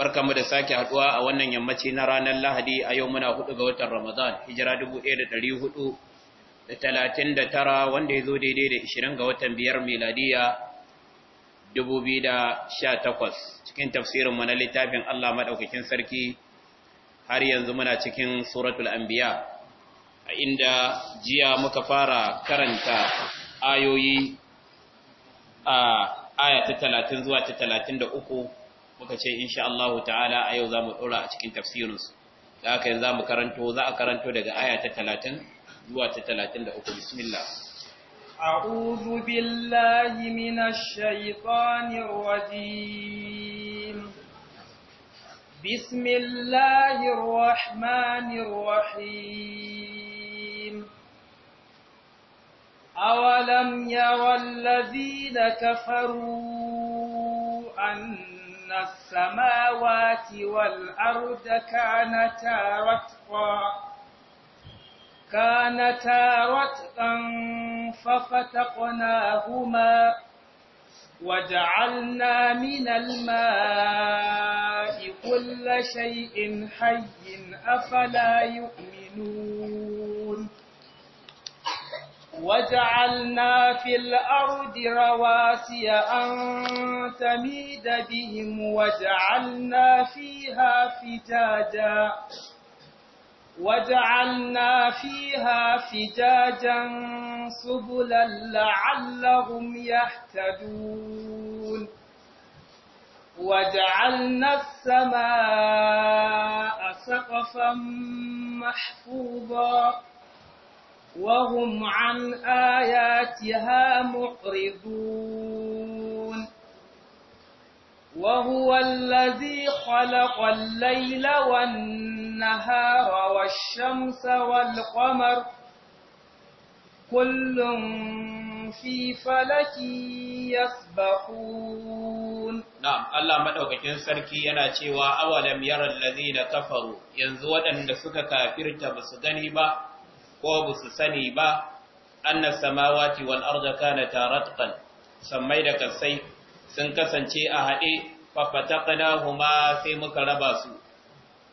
mu da sake haduwa a wannan yammaci na ranar Lahadi a yau muna hudu ga watan Ramadan hijira 1439 wanda ya zo daidai da 20 ga watan biyar miladiya 2018 cikin tafsirin mu na littafin Allah madaukakin sarki har yanzu muna cikin suratul anbiya a inda jiya muka fara karanta ayoyi a aya ta 30 zuwa ta 33 muka ce insha Allah ta'ala a yau zamu ɗora a cikin tafsirin Za ka yi za mu karanto za a karanto daga aya ta talatin, zuwa ta 33 bismillah أعوذ بالله من الشيطان الرجيم بسم الله الرحمن الرحيم أولم يرى الذين كفروا أن أن السماوات والأرض كانتا رتقا كانتا رتقا ففتقناهما وجعلنا من الماء كل شيء حي أفلا يؤمنون وجعلنا في الأرض رواسي أن تميد بهم وجعلنا فيها فجاجا وجعلنا فيها فجاجا سبلا لعلهم يهتدون وجعلنا السماء سقفا محفوظا وهم عن آياتها معرضون وهو الذي خلق الليل والنهار والشمس والقمر كل في فلك يسبحون نعم الله مدوكين sarki yana cewa awalam yara alladhina kafaru yanzu waɗanda suka kafirta basu gani ba ko ba su sani ba anna samawati wal arda kanata ratqan sammai da kasai sun kasance a haɗe fafataqnahuma sai muka raba su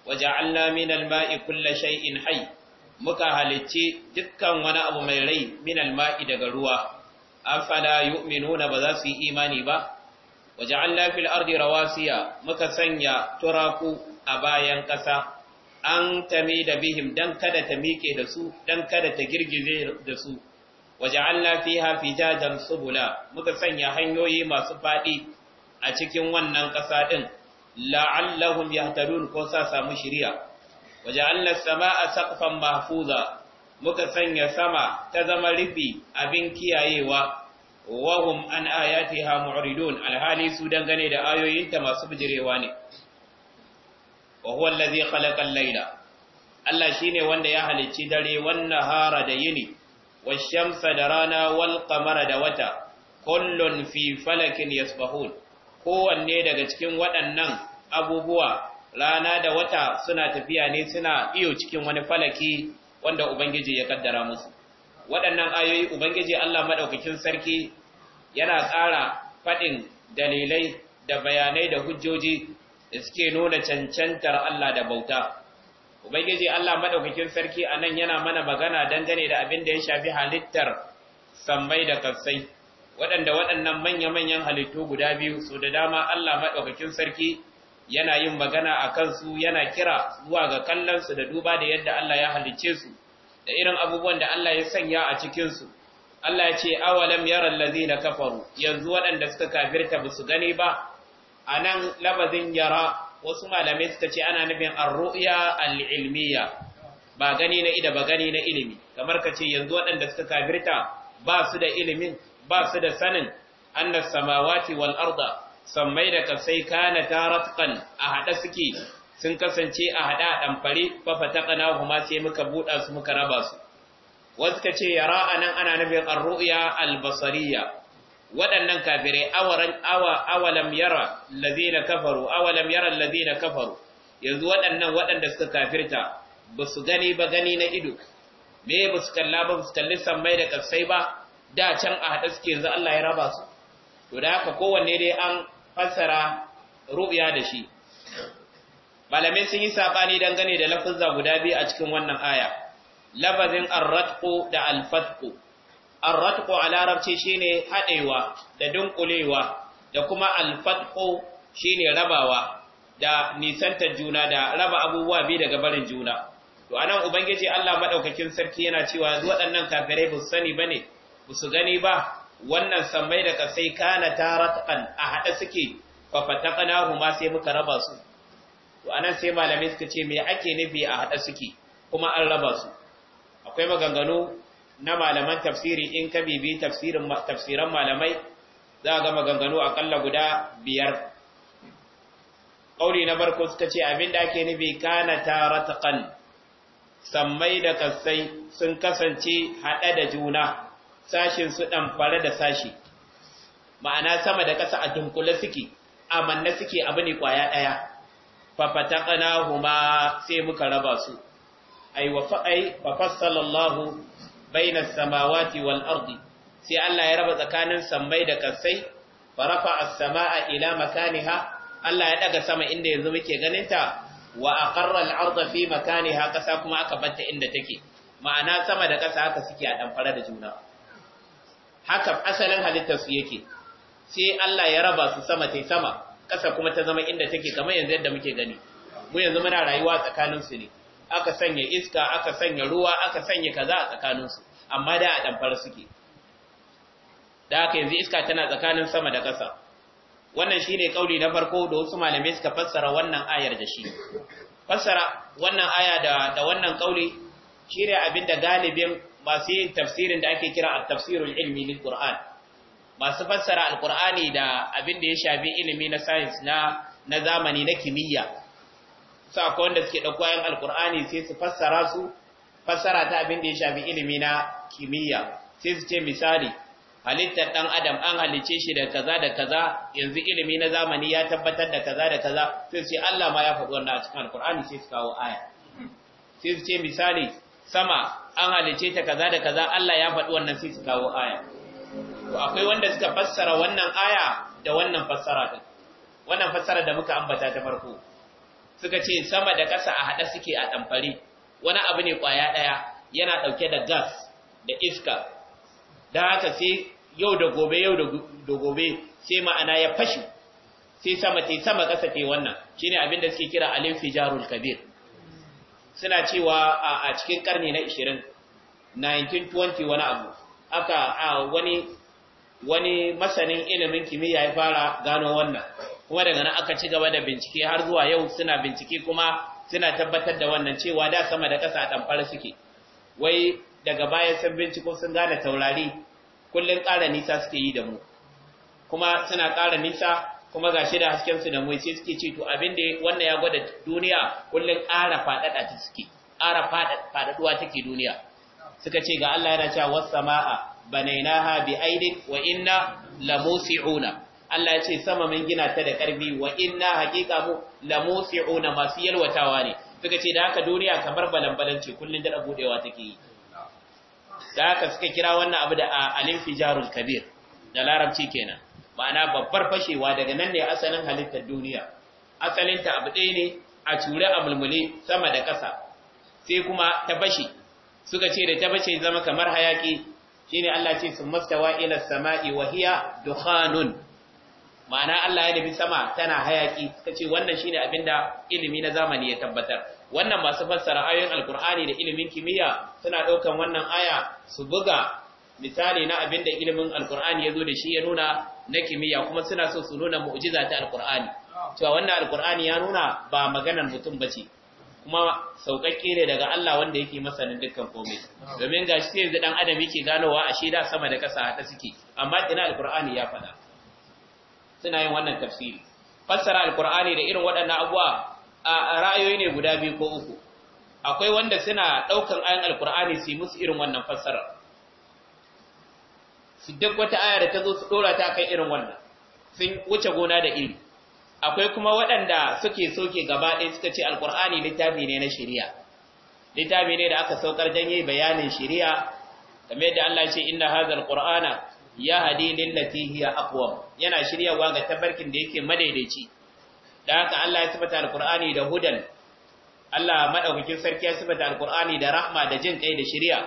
waja'alna minal ma'i kulli shay'in hayy muka halicci dukkan wani abu mai rai minal ma'i daga ruwa afala yu'minuna ba za su yi imani ba waja'alna fil ardi rawasiya muka sanya turaku a bayan ƙasa an tami da bihim dan kada ta miƙe da su dan kada ta girgize da su waja'alna fiha fijajan subula muka sanya hanyoyi masu faɗi a cikin wannan ƙasa ɗin, la'allahum yahtadun ko sa samu shiriya waja'alna samaa saqfan mahfuza muka sanya sama ta zama rufi abin kiyayewa wahum an ayatiha mu'ridun alhali su dangane da ayoyinta masu bijirewa ne wa huwa allazi khalaqa al-laila Allah shine wanda ya halicci dare wan hara da yini wash-shamsa da rana wal qamara da wata kullun fi falakin yasbahun kowanne daga cikin waɗannan abubuwa rana da wata suna tafiya ne suna iyo cikin wani falaki wanda ubangiji ya kaddara musu waɗannan ayoyi ubangiji Allah madaukakin sarki yana ƙara faɗin dalilai da bayanai da hujjoji da suke nuna cancantar Allah da bauta. Ubangiji Allah maɗaukakin sarki a nan yana mana magana dangane da abin da ya shafi halittar sammai da kafsai, waɗanda waɗannan manya-manyan halittu guda biyu su da dama Allah maɗaukakin sarki yana yin magana a kansu yana kira zuwa ga kallonsu da duba da yadda Allah ya halicce su, da irin abubuwan da Allah ya sanya a cikinsu. Allah ya ce, awalam yaran lazi na kafaru, yanzu waɗanda suka kafirta ba su gani ba, a nan labazin yara wasu malamai suka ce ana nufin arru'ya al'ilmiya ba gani na ida ba gani na ilimi kamar ka ce yanzu waɗanda suka kafirta ba su da ilimin ba su da sanin annas samawati wal arda sammai da kasai kana taratqan a hada suke sun kasance a hada damfare fa fataqana huma sai muka buda su muka raba su wasu ka ce yara anan ana nufin arru'ya al basariya waɗannan kafirai awaran awa awalam yara allazina kafaru awalam yara kafaru yanzu waɗannan waɗanda suka kafirta ba su gani ba gani na ido me ba su kalla ba su kalli sammai da kasai ba da can a haɗa suke yanzu Allah ya raba su to da haka kowanne dai an fassara ru'ya da shi malamai sun yi sabani dangane da lafazza guda biyu a cikin wannan aya lafazin Arratku da alfatqu Arratku a larabci ne haɗewa da dunkulewa da kuma shi shine rabawa da nisantar juna da raba abubuwa biyu daga barin juna to anan ubangiji Allah maɗaukakin sarki yana cewa yanzu waɗannan kafirai ba su sani ne ba su gani ba wannan sammai da kasai kana taratan a hada suke fa fataqnahu ma sai muka raba su to anan sai malamai suka ce me ake nufi a hada suke kuma an raba su akwai maganganu na malaman tafsiri in ka bibi tafsirin tafsiran malamai za ga maganganu akalla guda biyar Ƙauri na barko suka ce abin da ake nufi kana taratqan sammai da ƙasai sun kasance hada da juna sashin su dan fara da sashi ma'ana sama da ƙasa a dunkule suke amanna suke abu ne kwaya daya fafataqnahuma sai muka raba su ai wa fa ai fa fassalallahu bainas samawati wal ardi sai Allah ya raba tsakanin sammai da kasai farafa as-samaa ila makaniha Allah ya ɗaga sama inda yanzu muke ganin ta wa aqarra al makaniha kasa kuma aka batta inda take ma'ana sama da kasa haka suke a dan da juna haka asalin halittar su yake sai Allah ya raba su sama tai sama ƙasa kuma ta zama inda take kamar yanzu yadda muke gani mu yanzu muna rayuwa tsakanin su ne aka sanya iska aka sanya ruwa aka sanya kaza a tsakaninsu amma da a ɗamfar suke da aka yanzu iska tana tsakanin sama da ƙasa wannan shine kauli na farko da wasu malamai suka fassara wannan ayar da shi fassara wannan aya da da wannan kauli shine abinda galibin masu yin tafsirin da ake kira at-tafsirul ilmi lil Qur'an masu fassara al-Qur'ani da abinda ya shafi ilimi na science na na zamani na kimiyya su akwai wanda suke ɗauko ayan alkur'ani sai su fassara su fassara ta abin da ya shafi ilimi na kimiyya sai su ce misali halittar ɗan adam an halice shi da kaza da kaza yanzu ilimi na zamani ya tabbatar da kaza da kaza sai su ce Allah ma ya faɗi wannan a cikin alkur'ani sai su kawo aya sai su ce misali sama an halice ta kaza da kaza Allah ya faɗi wannan sai su kawo aya to akwai wanda suka fassara wannan aya da wannan fassara ta wannan fassara da muka ambata ta farko suka ce sama da ƙasa a haɗa suke a ɗamfari wani abu ne ƙwaya ɗaya yana ɗauke da gas da iska da haka sai yau da gobe yau da gobe sai ma'ana ya fashi sai sama ta sama ƙasa ta wannan shine abin da suke kira alin fijarul kabir suna cewa a cikin ƙarni na 20 1920 wani abu aka wani wani masanin ilimin kimiyya ya fara gano wannan kuma daga nan aka ci gaba da bincike har zuwa yau suna bincike kuma suna tabbatar da wannan cewa da sama da ƙasa ɗanfara suke wai daga baya sun binciko sun gane taurari kullum ƙara nisa suke yi da mu kuma suna ƙara nisa kuma ga shi da hasken su da mu sai suke ce to abin da wannan ya gwada duniya kullum ƙara faɗaɗa ta suke ƙara faɗaɗuwa take duniya suka ce ga Allah yana cewa was sama'a banainaha bi aidik wa inna lamusi'una Allah ya ce sama mun gina ta da ƙarfi wa inna haqiqa mu musi'una masu yalwatawa ne suka ce da haka duniya kamar balambalan ce kullun da budewa take yi da haka suka kira wannan abu da al-infijarul kabir da larabci kenan ma'ana babbar fashewa daga nan ne asalin halittar duniya asalinta abu ɗaya ne a ture a sama da ƙasa sai kuma ta bashe suka ce da ta bashe zama kamar hayaki shine Allah ce sun ila sama'i wa hiya dukhanun ma'ana Allah ya nufi sama tana hayaki ta ce wannan shine abinda ilimi na zamani ya tabbatar wannan masu fassara ayoyin alkur'ani da ilimin kimiyya suna daukan wannan aya su buga misali na abinda ilimin alkur'ani ya zo da shi ya nuna na kimiyya kuma suna so su nuna mu'jiza ta alkur'ani cewa wannan alkur'ani ya nuna ba maganar mutum ba ce kuma sauƙaƙƙe ne daga Allah wanda yake masanin dukkan komai domin ga shi yanzu dan adam yake ganowa a da sama da ƙasa haka suke amma ina alkur'ani ya faɗa suna yin wannan tafsiri fassara alqur'ani da irin waɗannan abuwa ra'ayoyi ne guda biyu ko uku akwai wanda suna ɗaukar ayan alqur'ani su musu irin wannan fassara su duk wata aya da ta zo su dora ta kai irin wannan sun wuce gona da iri akwai kuma waɗanda suke soke gaba ɗaya suka ce alqur'ani littafi ne na shari'a littafi ne da aka saukar don yi bayanin shari'a kamar yadda Allah ya ce inna hadha alqur'ana ya hadi lillati hiya aqwa yana shiryawa ga tabarkin da yake madaidaici dan haka Allah ya sifata alqur'ani da hudan Allah madaukakin sarki ya sifata alqur'ani da rahma da jin kai da shiriya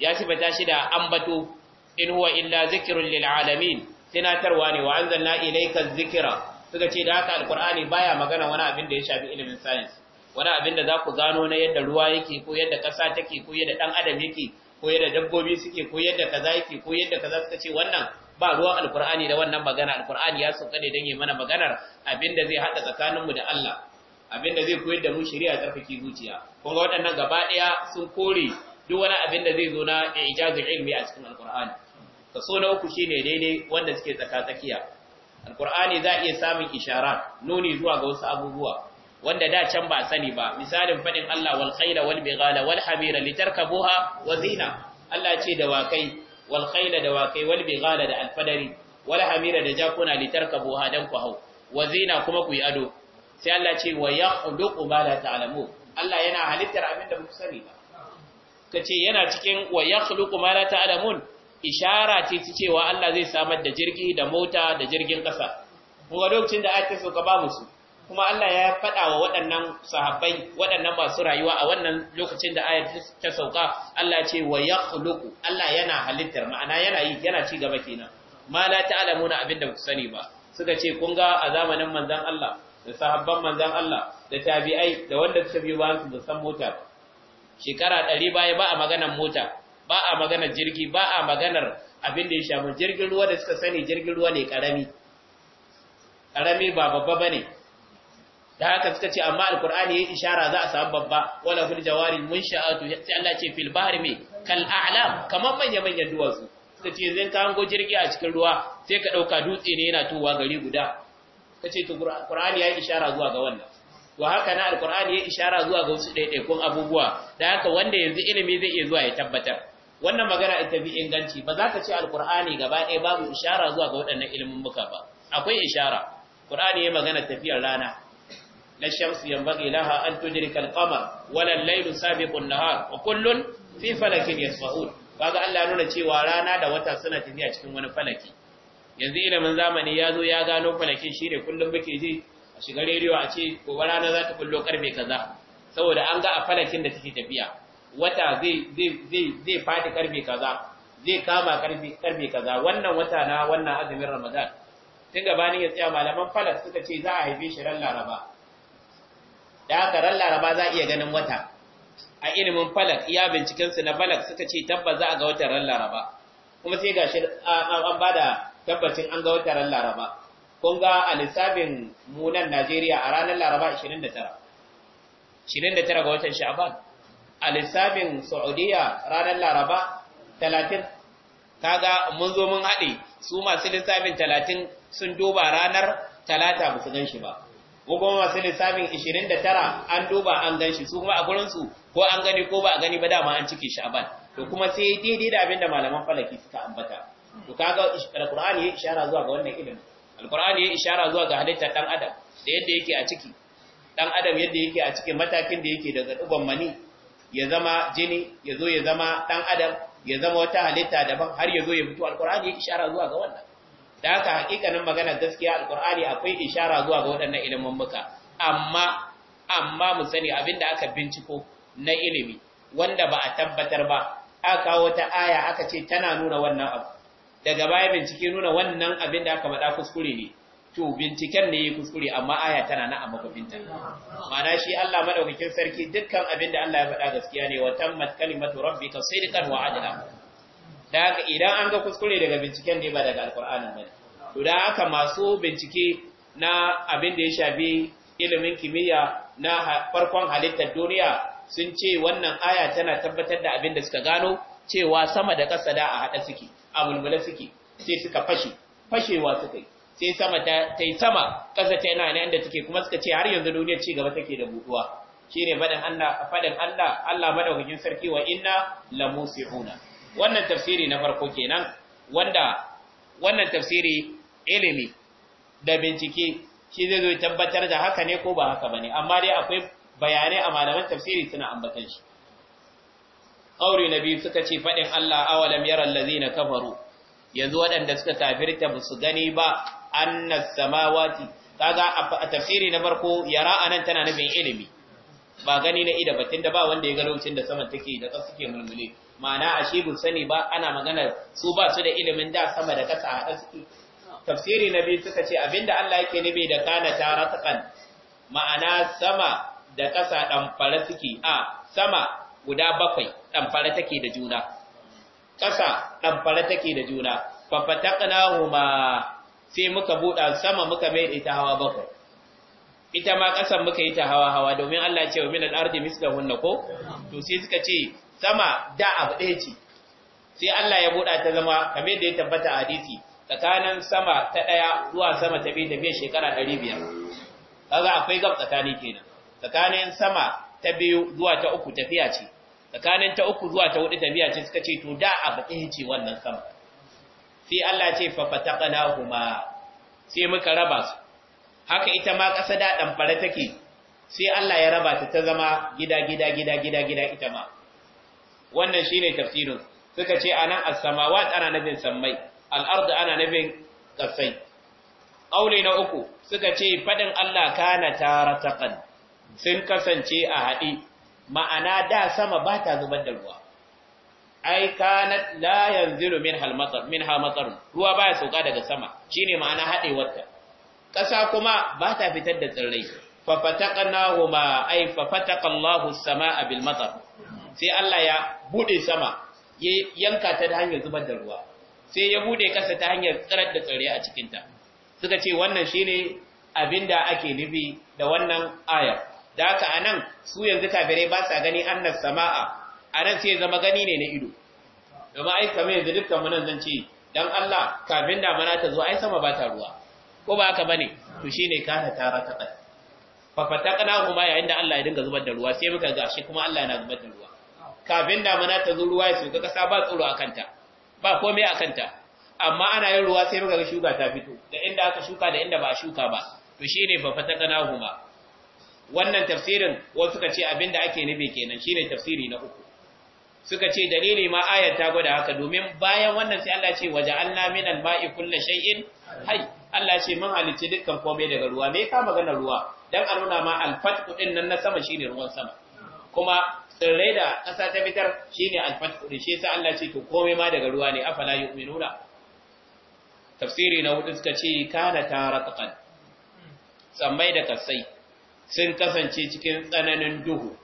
ya sifata shi da ambato in huwa illa zikrun lil alamin tinatarwa ne wa anzalna ilayka dhikra suka ce da haka alqur'ani baya magana wani abin da ya shafi ilimin science wani abin da za ku gano na yadda ruwa yake ko yadda kasa take ko yadda ɗan adam yake ko yadda dabbobi suke ko yadda kaza yake ko yadda kaza suka ce wannan ba ruwan alkur'ani da wannan magana alkur'ani ya sauka ne don yi mana maganar abinda zai haɗa tsakaninmu da Allah abinda zai koyar da mu shari'a tsarkake zuciya kun ga waɗannan gaba ɗaya sun kore duk wani abinda zai zo na ijazul ilmi a cikin alkur'ani kaso na uku shine daidai wanda suke tsaka tsakiya alkur'ani za a iya samun isharar nuni zuwa ga wasu abubuwa wanda da can ba sani ba misalin fadin Allah wal khayla wal bighala wal hamira litarkabuha wa zina Allah ce da wakai wal khayla da wakai wal bighala da alfadari wal hamira da jakuna litarkabuha dan ku hau wa zina kuma ku yi ado sai Allah ce wa yakhluqu ma la ta'lamu Allah yana halittar abin da ba ku sani ba kace yana cikin wa yakhluqu ma la ta'lamun ishara ce ta cewa Allah zai samar da jirgi da mota da jirgin kasa ga lokacin da aka so ka ba musu kuma Allah ya faɗa wa waɗannan sahabbai waɗannan masu rayuwa a wannan lokacin da ayat ta sauka Allah ce wa yakhluqu Allah yana halittar ma'ana yana yi yana ci gaba kenan ma la ta'lamuna abinda ba ku sani ba suka ce kun ga a zamanin manzon Allah da sahabban manzon Allah da tabi'ai da wanda suka biyo bayan su da san mota shekara 100 baya ba a maganar mota ba a maganar jirgi ba a maganar abin da ya shafi jirgin ruwa da suka sani jirgin ruwa ne karami karami ba babba bane da haka suka ce amma alkur'ani ya ishara za a samu babba wala fil mun munsha'atu sai Allah ce fil bahri me kal a'lam kamar manya manyan duwatsu suka ce zai ka hango jirgi a cikin ruwa sai ka dauka dutse ne yana tuwa gari guda ce to qur'ani yayi ishara zuwa ga wannan wa haka na alkur'ani yayi ishara zuwa ga wasu kun abubuwa da haka wanda yanzu ilimi zai iya zuwa ya tabbatar wannan magana ita bi inganci ba za ka ce alkur'ani gaba ɗaya babu ishara zuwa ga waɗannan ilimin muka ba akwai ishara qur'ani yayi magana tafiyar rana للشمس ينبغي لها أن an القمر ولا الليل wala النهار وكل في nahar يسبحون falakin kaga Allah nuna cewa rana da wata suna tafiya cikin wani falaki yanzu ilimin zamani ya zo ya gano falakin shi ne kullum muke ji a shiga rediyo a ce gobe rana za ta kullo karfe kaza saboda an ga a falakin da take tafiya wata zai zai zai zai fadi karfe kaza zai kama karfe karfe kaza wannan wata na wannan azumin Ramadan tun gabanin ya tsaya malaman falak suka ce za a haife shi ran Laraba da haka ran laraba za a iya ganin wata a ilimin falak iya bincikinsu na falak suka ce tabbas za a ga wata ran laraba kuma sai gashi an ba da tabbacin an ga wata ran laraba kun ga a lissafin munan najeriya a ranar laraba 29 29 ga watan sha'ban a lissafin saudiya ranar laraba 30 kaga mun zo mun haɗe su masu lissafin 30 sun duba ranar talata ba su gan shi ba ko kuma masu lissafin 29 an duba an gan shi su kuma a gurinsu ko an gani ko ba a gani ba dama an cike sha'ban to kuma sai daidai da abin da malaman falaki suka ambata to kaga alqur'ani ya ishara zuwa ga wannan ilimin alqur'ani ya ishara zuwa ga halitta dan adam da yadda yake a ciki dan adam yadda yake a cikin matakin da yake daga dubban mani ya zama jini ya zo ya zama dan adam ya zama wata halitta daban har ya zo ya fito alqur'ani ya ishara zuwa ga wannan da haka hakikanin magana gaskiya alkur'ani akwai ishara zuwa ga waɗannan ilimin muka amma amma mu sani abinda aka binciko na ilimi wanda ba a tabbatar ba aka kawo wata aya aka ce tana nuna wannan abu daga baya bincike nuna wannan abin da aka faɗa kuskure ne to binciken ne ya kuskure amma aya tana na amma babinta ma'ana shi Allah madaukakin sarki dukkan abin da Allah ya faɗa gaskiya ne wa tammat kalimatu rabbika sidqan wa adla da haka idan an ga kuskure daga binciken ne ba daga alkur'anin bane to da haka masu bincike na abin da ya shafi ilimin kimiyya na farkon halittar duniya sun ce wannan aya tana tabbatar da abin da suka gano cewa sama da ƙasa da a haɗa suke a mulmula suke sai suka fashe fashewa suka yi sai sama ta yi sama kasa ta yana ne inda take kuma suka ce har yanzu duniya ci gaba take da buɗuwa shine faɗin Allah faɗin Allah Allah madaukakin sarki wa inna lamusihuna wannan tafsiri na farko kenan wanda wannan tafsiri ilimi da bincike shi zai zo tabbatar da haka ne ko ba haka bane amma dai akwai bayanai a malaman tafsiri suna ambatan shi na biyu suka ce faɗin Allah awalam lazi na kafaru yanzu waɗanda suka kafirta ba su gani ba annas samawati kaga a tafsiri na farko yara anan tana nufin ilimi ba gani na ida batun da ba wanda ya ga lokacin da sama take da ƙasa suke mulmule ma'ana a sani ba ana magana su ba su da ilimin da sama da ƙasa a tafsiri na biyu suka ce abinda Allah yake nufi da kana ta rasakan ma'ana sama da ƙasa ɗan fara suke a sama guda bakwai ɗan fara take da juna ƙasa ɗan fara take da juna fa fataqnahuma sai muka buɗa sama muka mai ita hawa bakwai ita ma ƙasan muka yi ta hawa-hawa domin Allah ce wa minan ardi mislahunna ko to sai suka ce sama da abu ɗaya ce sai Allah ya buɗa ta zama kamar da ya tabbata a hadisi tsakanin sama ta ɗaya zuwa sama ta biyu da tafiya shekara ɗari biyar kaga akwai gab tsakani kenan tsakanin sama ta biyu zuwa ta uku tafiya ce tsakanin ta uku zuwa ta hudu tafiya ce suka ce to da abu ɗaya ce wannan sama sai Allah ce fa fataqnahuma sai muka raba su haka ita ma ƙasa da fara take sai Allah ya raba ta ta zama gida gida gida gida gida ita ma wannan shine tafsirin suka ce anan as-samawat ana nabin sammai al ana bin ƙasai. ƙaule na uku suka ce faɗin Allah kana tara taƙan sun kasance a haɗi ma'ana da sama ba ta zubar da ruwa ai kana la yanzilu min halmatar min ruwa baya sauka daga sama shine ma'ana haɗewarta ƙasa kuma ba ta fitar da tsirrai fa fataqnahuma ay fa fataqallahu as-samaa bil matar sai Allah ya buɗe sama ya yanka ta da hanyar zubar da ruwa sai ya buɗe ƙasa ta hanyar tsirar da tsirrai a cikin ta suka ce wannan shine abinda ake nufi da wannan aya da haka nan, su yanzu kafirai ba sa gani annas samaa anan sai zama gani ne na ido domin ai kamar yanzu dukkan mu zan ce dan Allah kafin damana ta zo ai sama ba ta ruwa ko ba haka bane to shine kana tara ta kai fa kana kuma yayin da Allah ya dinga zubar da ruwa sai muka ga shi kuma Allah yana zubar da ruwa kafin muna ta zo ruwa ya soka kasa ba tsoro akan ta ba komai akan ta amma ana yin ruwa sai muka ga shuka ta fito da inda aka shuka da inda ba a shuka ba to shine fa kana kuma wannan tafsirin wasu suka ce abinda ake nufi kenan shine tafsiri na uku suka ce dalili ma ayar ta gwada haka domin bayan wannan sai Allah ce waje minal ma'i kullu kulle shay'in hayy Allah ce mun halicci dukkan komai daga ruwa me ka magana ruwa dan a nuna ma alfatku din nan na sama shine ruwan sama kuma tsirrai da ƙasa ta fitar shine alfatku din shi yasa Allah ce to komai ma daga ruwa ne afala yu'minuna tafsiri na hudu suka ce kana taratqan sammai da kasai sun kasance cikin tsananin duhu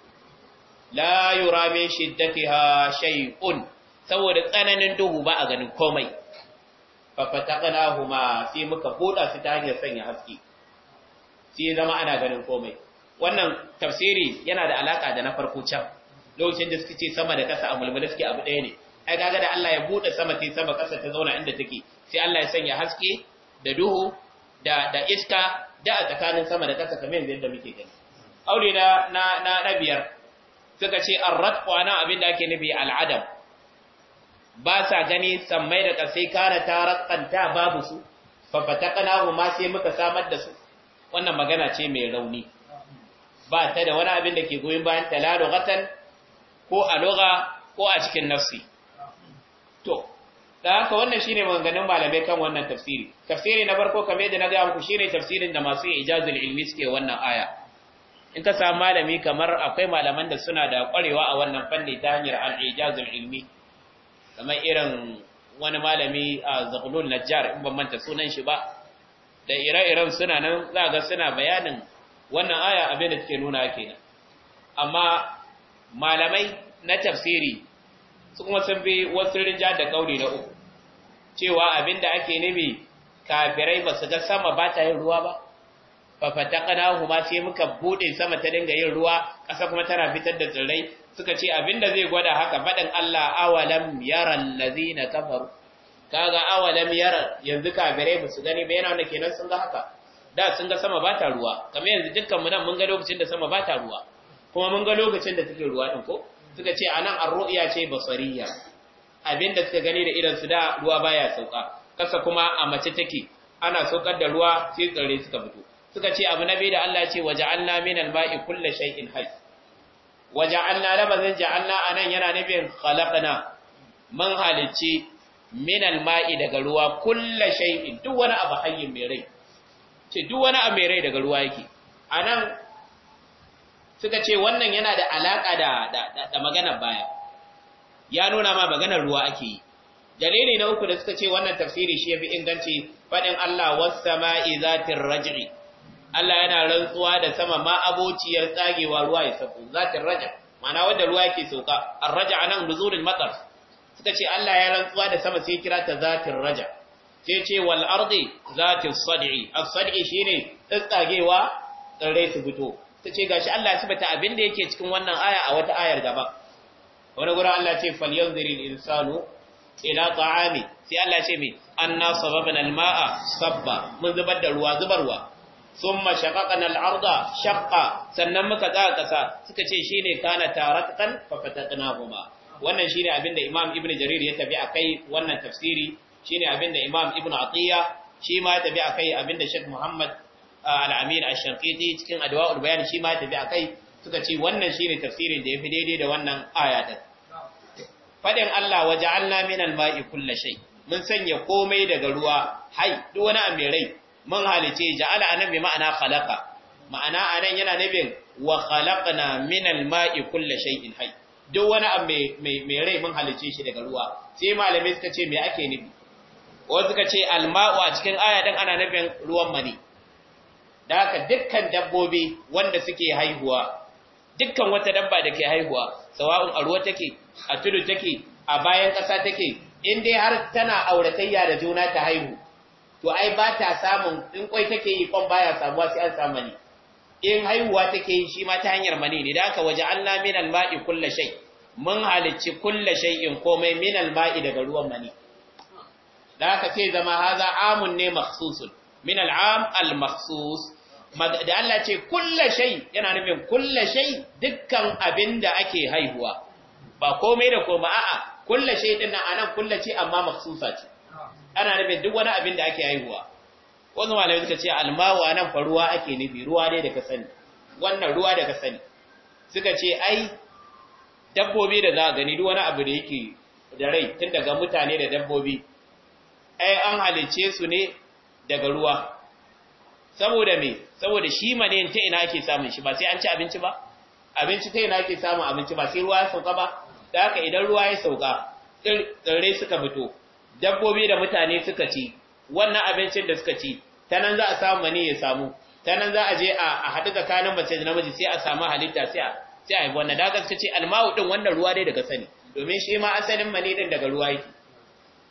la yura min shiddatiha shay'un saboda tsananin duhu ba a ganin komai huma sai muka buɗa su ta hanyar sanya haske sai zama ana ganin komai wannan tafsiri yana da alaka da na farko can lokacin da suke ce sama da kasa a mulmula suke abu ɗaya ne ai gaga da Allah ya buɗe sama sai sama kasa ta zauna inda take sai Allah ya sanya haske da duhu da da iska da a tsakanin sama da kasa kamar yadda muke gani aure na na na biyar suka ce arrat kwanan abin da ake nufi al'adam ba sa gani sammai da kare kara tarakanta babu su fafata ma sai muka samar da su wannan magana ce mai rauni ba ta da wani abin da ke goyin bayan tala gatan ko a loga ko a cikin nafsi to da haka wannan shine maganganun malamai kan wannan tafsiri tafsiri na farko kamar da na gaya muku shine tafsirin da masu ijazul ilmi suke wannan aya in ka samu malami kamar akwai malaman da suna da ƙwarewa a wannan fanni ta hanyar al-ijazul ilmi kamar irin wani malami a na najjar in ban manta sunan shi ba da ire-iren suna nan za ga suna bayanin wannan aya abin da take nuna kenan amma malamai na tafsiri su kuma sun bi wasu rinja da kauri na uku cewa abin da ake nufi kafirai ba su ga sama ba ta yin ruwa ba fafatakanahu ma sai muka buɗe sama ta dinga yin ruwa ƙasa kuma tana fitar da tsirrai suka ce abinda zai gwada haka faɗin Allah awalam yaran lazina kafaru kaga awalam yaran yanzu kafirai ba su gani ba yana wanda kenan sun ga haka da sun ga sama ba ruwa kamar yanzu dukkan mu nan mun ga lokacin da sama ba ruwa kuma mun ga lokacin da take ruwa din ko suka ce anan arru'ya ce basariya abinda suka gani da idan su da ruwa baya sauka kasa kuma a mace take ana saukar da ruwa sai tsare suka fito suka ce abu nabi da Allah ce waja'alna minal ma'i kullu shay'in hayy wa ja'alna labazin a anan yana nufin khalaqna mun halicci minal ma'i daga ruwa kulla shaifi duk wani abu hayyin mai rai ce duk wani abu mai rai daga ruwa yake anan suka ce wannan yana da alaka da da, maganar baya ya nuna ma maganar ruwa ake yi dalili na uku da suka ce wannan tafsiri shi yafi inganci fadin Allah was sama'i zatir raj'i Allah yana rantsuwa da sama ma abociyar tsagewa ruwa ya sauko zatin raja mana wanda ruwa yake sauka an raja anan nuzulul matar suka ce Allah ya rantsuwa da sama sai kira ta zatin raja sai ce wal ardi zatis sad'i al sadi shine tsagewa tsare su fito tace gashi Allah ya sabata abin da yake cikin wannan aya a wata ayar gaba wani gura Allah ce fal falyanziril insanu ila ta'ami sai Allah ce me anna sababna al-ma'a sabba mun zubar da ruwa zubarwa summa shaqaqana al-arda shaqqa sannan muka tsaga kasa suka ce shine kana tarakatan fa fataqnahuma wannan shine abinda imam ibn jarir ya tafi akai wannan tafsiri shine abinda imam ibn atiya shi ma ya tafi akai abinda sheikh muhammad al-amin ash-shanqiti cikin adwa'ul bayan shi ma ya tafi akai suka ce wannan shine tafsirin da yafi daidai da wannan aya din fadin Allah waja'alna minal ma'i kulli shay mun sanya komai daga ruwa hai duk wani abu mai rai mun halice ja'ala anan bi ma'ana khalaqa ma'ana anan yana nufin wa khalaqna min al-ma'i kulli shay'in hayy duk wani abu mai rai mun halice shi daga ruwa sai malamai suka ce me ake nufi wasu suka ce al-ma'u a cikin aya dan ana nufin ruwan mani da haka dukkan dabbobi wanda suke haihuwa dukkan wata dabba da ke haihuwa sawa'un a ruwa take a tudu take a bayan ƙasa take in dai har tana auratayya da juna ta haihu to ai ba ta samun in kwai take yi kwan baya samuwa sai an samu ne in haihuwa take yi shi ma ta hanyar mani ne da aka waje Allah min alma'i kulla shay mun halicci kulla shay'in komai min alma'i daga ruwan mani da aka ce zama haza amun ne makhsusun min al'am al-makhsus da Allah ce kulla shay yana nufin kulla shay dukkan abinda ake haihuwa ba komai da komai a'a kulla shay din nan anan kulla ce amma makhsusa ce ana nufin duk wani abin da ake haihuwa wannan malamai suka ce almawa nan fa ruwa ake nufi ruwa ne daga sani wannan ruwa daga sani suka ce ai dabbobi da za a gani duk wani abu da yake da rai tun daga mutane da dabbobi ai an halice su ne daga ruwa saboda me saboda shi mane ta ina ake samun shi ba sai an ci abinci ba abinci ta ina ake samun abinci ba sai ruwa ya sauka ba da haka idan ruwa ya sauka tsirrai suka fito dabbobi da mutane suka ci wannan abincin da suka ci ta nan za a samu mani ya samu ta nan za a je a haɗu tsakanin mace da namiji sai a samu halitta sai a sai a yi wannan da suka ce almawu din wannan ruwa dai daga sani domin shi ma asalin mani din daga ruwa yake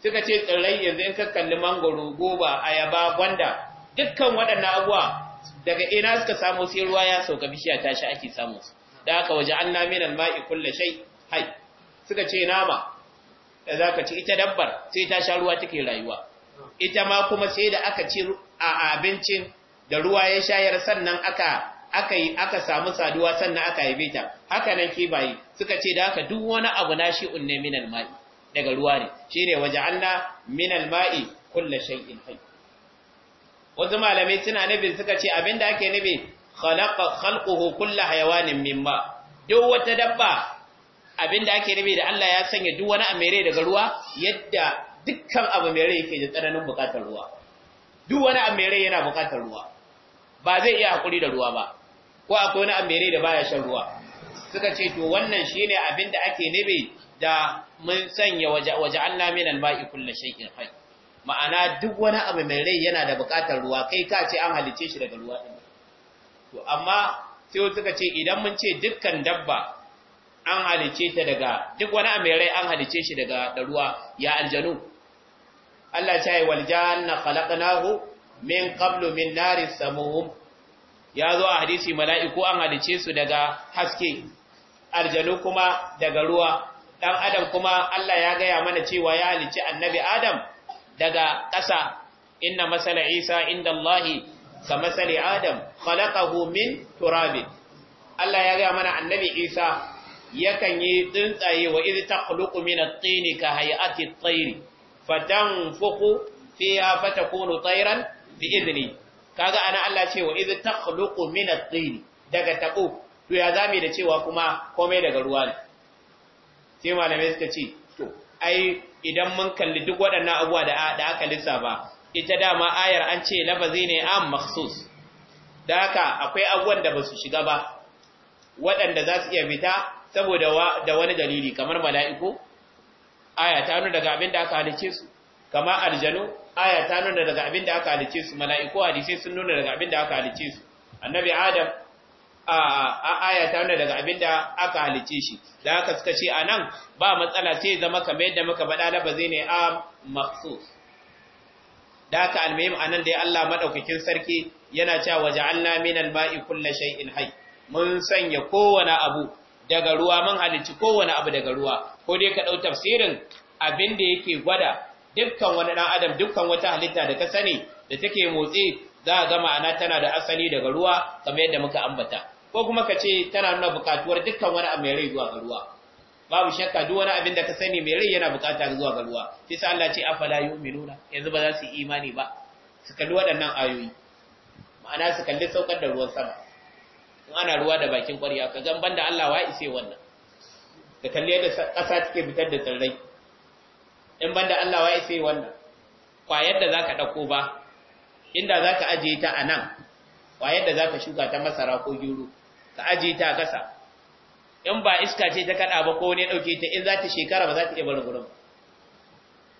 suka ce tsirrai yanzu in ka kalli mangoro goba ayaba gwanda dukkan waɗannan abuwa daga ina suka samu sai ruwa ya sauka bishiya ta shi ake samu Daka da haka waje an namin alma'i kulle shai hai suka ce nama da za ka ci ita dabbar sai ta sha ruwa take rayuwa ita ma kuma sai da aka ci a abincin da ruwa ya shayar sannan aka aka yi aka samu saduwa sannan aka haife ta haka nan kibayi suka ce da haka duk wani abu na shi unne minal ma'i daga ruwa ne shine waja'alna minal ma'i kullu shay'in hayy wasu malamai suna nabi suka ce abinda ake nabi khalaqa khalquhu kullu hayawanin mimma duk wata dabba abinda ake rabe da Allah ya sanya duk wani abu mai rai daga ruwa yadda dukkan abu mai rai yake da tsananin bukatar ruwa duk wani abu mai rai yana bukatar ruwa ba zai iya hakuri da ruwa ba ko akwai wani abu mai rai da baya shan ruwa suka ce to wannan shine da ake nabe da mun sanya waje waje Allah minal ma'i kullu shay'in hayy ma'ana duk wani abu mai rai yana da bukatar ruwa kai ka ce an halice shi daga ruwa din to amma sai suka ce idan mun ce dukkan dabba an halice ta daga duk wani mai rai an halice shi daga da ruwa ya aljanu Allah ya yi wal janna khalaqnahu min qablu min nari samum ya zo a hadisi mala'iku an halice su daga haske aljanu kuma daga ruwa dan adam kuma Allah ya gaya mana cewa ya halice annabi adam daga ƙasa inna masala isa inda Allahi ka masali adam khalaqahu min turabin Allah ya gaya mana annabi isa yakan yi tsuntsaye wa idh takhluqu min at-tin ka hay'ati at-tayr fatanfuqu fiha fatakunu tayran bi idni kaga ana Allah ce wa idh takhluqu min at daga taqu to ya zame da cewa kuma komai daga ruwa ne sai malamai suka ce to ai idan mun kalli duk waɗannan abuwa da da aka lissafa ita dama ayar an ce lafazi ne am makhsus da haka akwai abuwan da ba su shiga ba waɗanda za su iya fita saboda da wani dalili kamar mala'iku aya ta nuna daga abin da aka halice su kama aljanu aya ta nuna daga abin da aka halice su mala'iku a hadisi sun nuna daga abin da aka halice su annabi adam a aya ta nuna daga abin da aka halice shi da aka suka ce nan ba matsala sai zama kamar yadda muka faɗa lafazi ne a makhsus da haka a nan dai Allah maɗaukakin sarki yana cewa waja'alna minal ma'i kulla shay'in hai mun sanya kowane abu daga ruwa man halicci kowane abu daga ruwa ko dai ka dau tafsirin abin da yake gwada dukkan wani dan adam dukkan wata halitta da ka sani da take motsi za ga ma'ana tana da asali daga ruwa kamar yadda muka ambata ko kuma ka ce tana nuna bukatuwar dukkan wani abu mai rai zuwa ga ruwa babu shakka duk wani abin da ka sani mai rai yana bukata zuwa ga ruwa sai sa Allah ce afala yu'minuna yanzu ba za su yi imani ba su kalli waɗannan ayoyi ma'ana su kalli saukar da ruwan sama in ana ruwa da bakin ƙwarya ka gan banda Allah wa ise wannan da kalle yadda ƙasa take fitar da tsirrai in banda Allah wa ise wannan kwayar da ka ɗauko ba inda za ka ajiye ta a nan kwayar da ka shuka ta masara ko gero ka ajiye ta a ƙasa. in ba iska ce ta kaɗa ba ko ne ɗauke ta in za ta shekara ba za ta iya bar gurin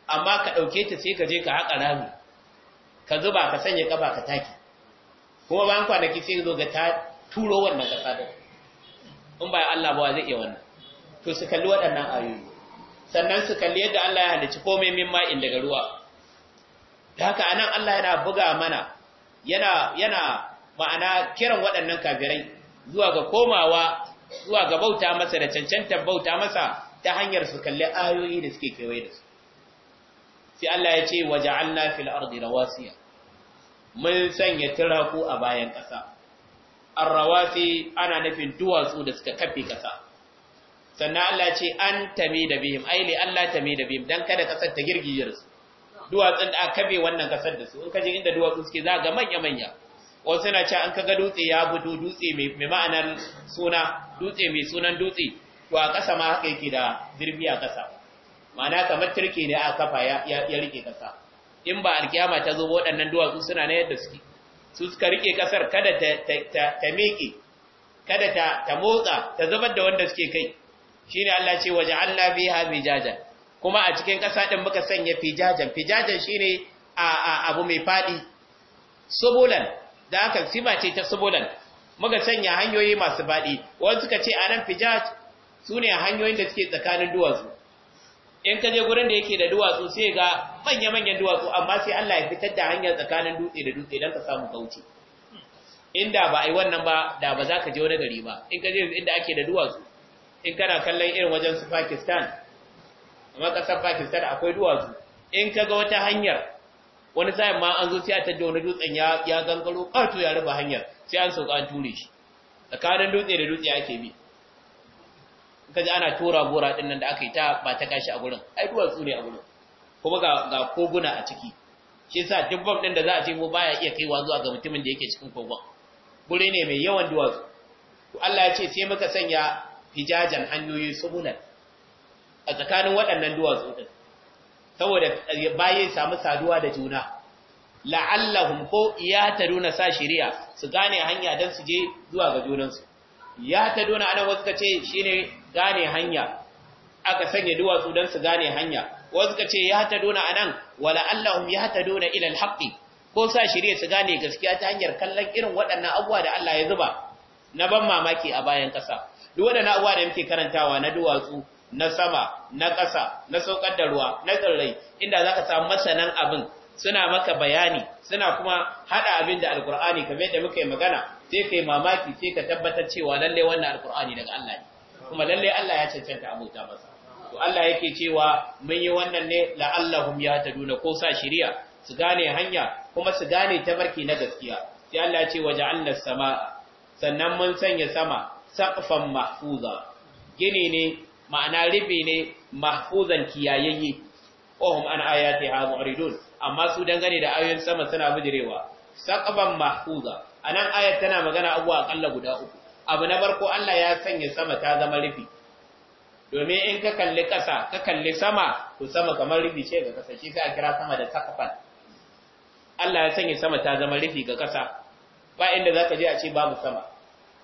amma ka ɗauke ta sai ka je ka haƙa rami ka zuba ka sanya kafa ka taki kuma bayan kwanaki sai zo ga ta turo wannan ƙasa din in ba Allah ba zai iya wannan to su kalli waɗannan ayoyi sannan su kalli yadda Allah ya halicci komai min ma'in daga ruwa da haka anan Allah yana buga mana yana yana ma'ana kiran waɗannan kafirai zuwa ga komawa zuwa ga bauta masa da cancanta bauta masa ta hanyar su kalli ayoyi da suke kewaye da su sai Allah ya ce waja'alna fil ardi rawasiya mun sanya tiraku a bayan ƙasa arrawasi ana nufin duwatsu da suka kafe kasa sannan Allah ce an tami da bihim ai li Allah tami da bihim dan kada kasar ta girgije su duwatsun da aka kafe wannan kasar da su in kaje inda duwatsu suke za ga manya manya wasu suna ce an kaga dutse ya gudu dutse mai ma'anar suna dutse mai sunan dutse to a kasa ma haka yake da zirbi a ƙasa ma'ana kamar turke ne a kafa ya rike kasa in ba alkiyama ta zo waɗannan duwatsu suna na yadda suke su suka rike kasar kada ta miƙe kada ta motsa ta zubar da wanda suke kai Shi ne Allah ce waje biya fiha fijajan kuma a cikin ƙasa ɗin muka sanya fijajan fijajan shi a abu mai faɗi. subulan da aka sima ce ta subulan muka sanya hanyoyi masu faɗi, Wani suka ce a nan fijaj ne hanyoyin da suke tsakanin duwatsu in ka je gurin da yake da duwatsu sai ga manya-manyan duwatsu amma sai Allah ya fitar da hanyar tsakanin dutse da dutse don ka samu kauce inda ba a yi wannan ba da ba za ka je wani gari ba in ka je inda ake da duwatsu in kana kallon irin wajen su Pakistan amma kasar Pakistan akwai duwatsu in ka ga wata hanyar wani sa'in ma an zo sai a tadda wani dutsen ya ya gangaro kato ah, ya ruba hanyar sai an sauka an ture shi tsakanin dutse da dutse ake bi kaji ana tora gora din nan da aka yi ta ba ta kashi a gurin ai duwatsu ne a gurin kuma ga koguna a ciki shi yasa duk bam din da za a ce mu baya iya kaiwa zuwa ga mutumin da yake cikin kogon gure ne mai yawan duwatsu to Allah ya ce sai muka sanya hijajan hanyoyi subulan a tsakanin waɗannan duwatsu din saboda baye samu saduwa da juna la'allahum ko nuna sa shari'a su gane hanya dan su je zuwa ga junansu ya ta dona ana wasu kace ne gane hanya aka sanya duwatsu don su gane hanya wasu kace ya ta dona anan wala allahum ya ta dona ilal ko sa shirye su gane gaskiya ta hanyar kallon irin waɗannan abubuwa da Allah ya zuba na ban mamaki a bayan ƙasa duk waɗannan abuwa da muke karantawa na duwatsu na sama na ƙasa na saukar da ruwa na tsirrai inda za ka samu masanan abin suna maka bayani suna kuma haɗa abin da alkur'ani kamar yadda muka yi magana sai kai mamaki sai ka tabbatar cewa lalle wannan alkurani daga Allah ne kuma lalle Allah ya cancanta abota masa to Allah yake cewa mun yi wannan ne ta duna ko sa shiriya su gane hanya kuma su gane tabarki na gaskiya sai Allah ya ce waja'alna samaa sannan mun sanya sama saqfan mahfuza gine ne ma'ana rufe ne mahfuzan kiyayayye ohum an ayati ha mu'ridun amma su dangane da ayoyin sama suna bijirewa saqfan mahfuza a nan ayat tana magana abuwa akalla guda uku abu na farko Allah ya sanya sama ta zama rufi domin in ka kalli ƙasa ka kalli sama to sama kamar rufi ce ga ƙasa shi sai a kira sama da sakafan Allah ya sanya sama ta zama rufi ga ƙasa ba inda za ka je a ce babu sama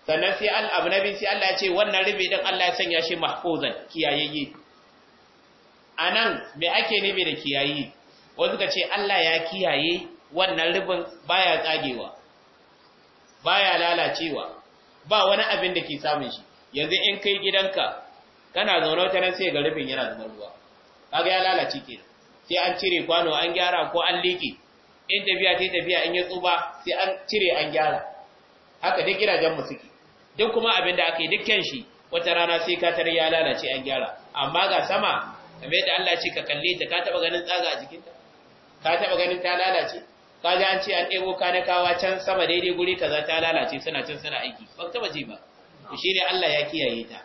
sannan sai al abu na biyu sai Allah ya ce wannan rufi din Allah ya sanya shi mahfuzan kiyayeye anan me ake nufi da kiyayi wasu ka ce Allah ya kiyaye wannan rufin baya tsagewa baya lalacewa ba wani abin da ke samun shi yanzu in kai gidanka kana zaune wata nan sai ga rufin yana zama ruwa kaga ya lalace kenan sai an cire kwano an gyara ko an liƙe in tafiya ta tafiya in ya tsuba sai an cire an gyara haka duk gidajen mu suke duk kuma abin da aka yi dukkan shi wata rana sai ka tare ya lalace an gyara amma ga sama kamar yadda Allah ce ka kalle ta ka taba ganin tsaga a jikinta ka taba ganin ta lalace ji an ce an ɗebo kanakawa can sama daidai guri kaza ta lalace suna can suna aiki ba ta baje ba shi ne Allah ya kiyaye ta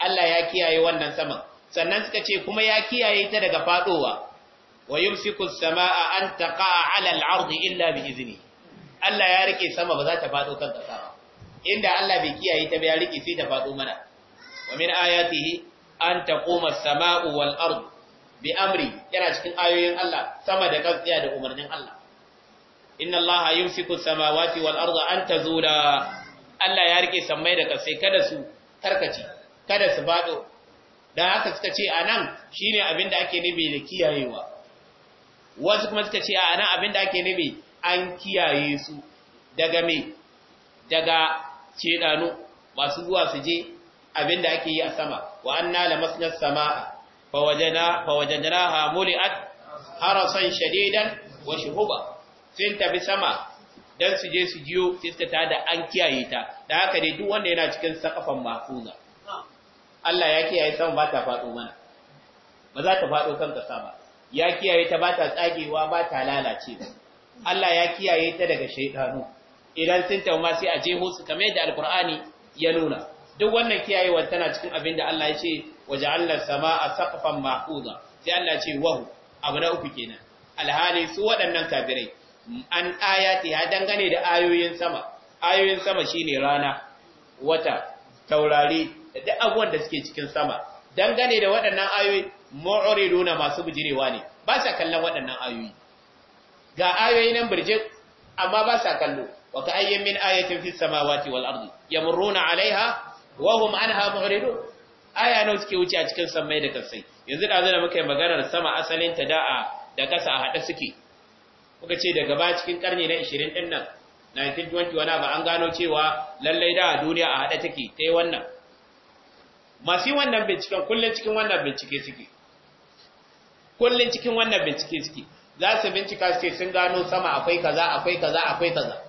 Allah ya kiyaye wannan saman sannan suka ce kuma ya kiyaye ta daga fadowa wa yumsiku samaa an taqa'a 'ala al ardi illa bi izni Allah ya rike sama ba za ta fado kan kasa ba inda Allah bai kiyaye ta ba ya rike sai ta fado mana wa min ayatihi an taquma as-samaa'u wal ardu bi amri yana cikin ayoyin Allah sama da kafiya da umarnin Allah inna allaha yumsiku samawati wal arda an tazula Allah ya rike samai da kasai kada su tarkace kada su fado dan haka suka ce anan shine abin da ake nubi da kiyayewa wasu kuma suka ce anan abin da ake nubi an kiyaye su daga me daga cedano masu zuwa su je abin da ake yi a sama wa anna lamasna samaa fawajana fawajadnaha muli'at harasan shadidan wa shuhuba sun tafi sama dan suje su jiyo sai ta da an kiyaye ta da haka dai duk wanda yana cikin sakafan mafuza Allah ya kiyaye sama ba ta faɗo mana ba za ta faɗo kan ƙasa ba ya kiyaye ta ba ta tsagewa ba ta lalace Allah ya kiyaye ta daga shaytanu idan sun ma sai a je musu kamar yadda alqur'ani ya nuna duk wannan kiyayewar tana cikin abin da Allah ya ce waja'alna sama'a saqfan mahfuza sai Allah ce wahu abu na uku kenan alhali su waɗannan kafirai an ayati ya dangane da ayoyin sama ayoyin sama shine rana wata taurari da duk abubuwan da suke cikin sama dangane da waɗannan ayoyi mu'riduna masu bujirewa ne ba sa kallon waɗannan ayoyi ga ayoyi nan birje amma ba sa kallo wa ka ayyamin ayatin fis samawati wal ardi yamurruna alaiha wa hum anha mu'ridun aya nawa suke wuce a cikin sammai da kasai yanzu da zana muka yi maganar sama asalin ta da'a da kasa a haɗe suke muka ce daga ba cikin karni na 20 din nan 1920 wani ba an gano cewa lallai da duniya a haɗe take ta yi wannan masu wannan binciken kullum cikin wannan bincike suke kullum cikin wannan bincike suke za su bincika su ce sun gano sama akwai kaza akwai kaza akwai kaza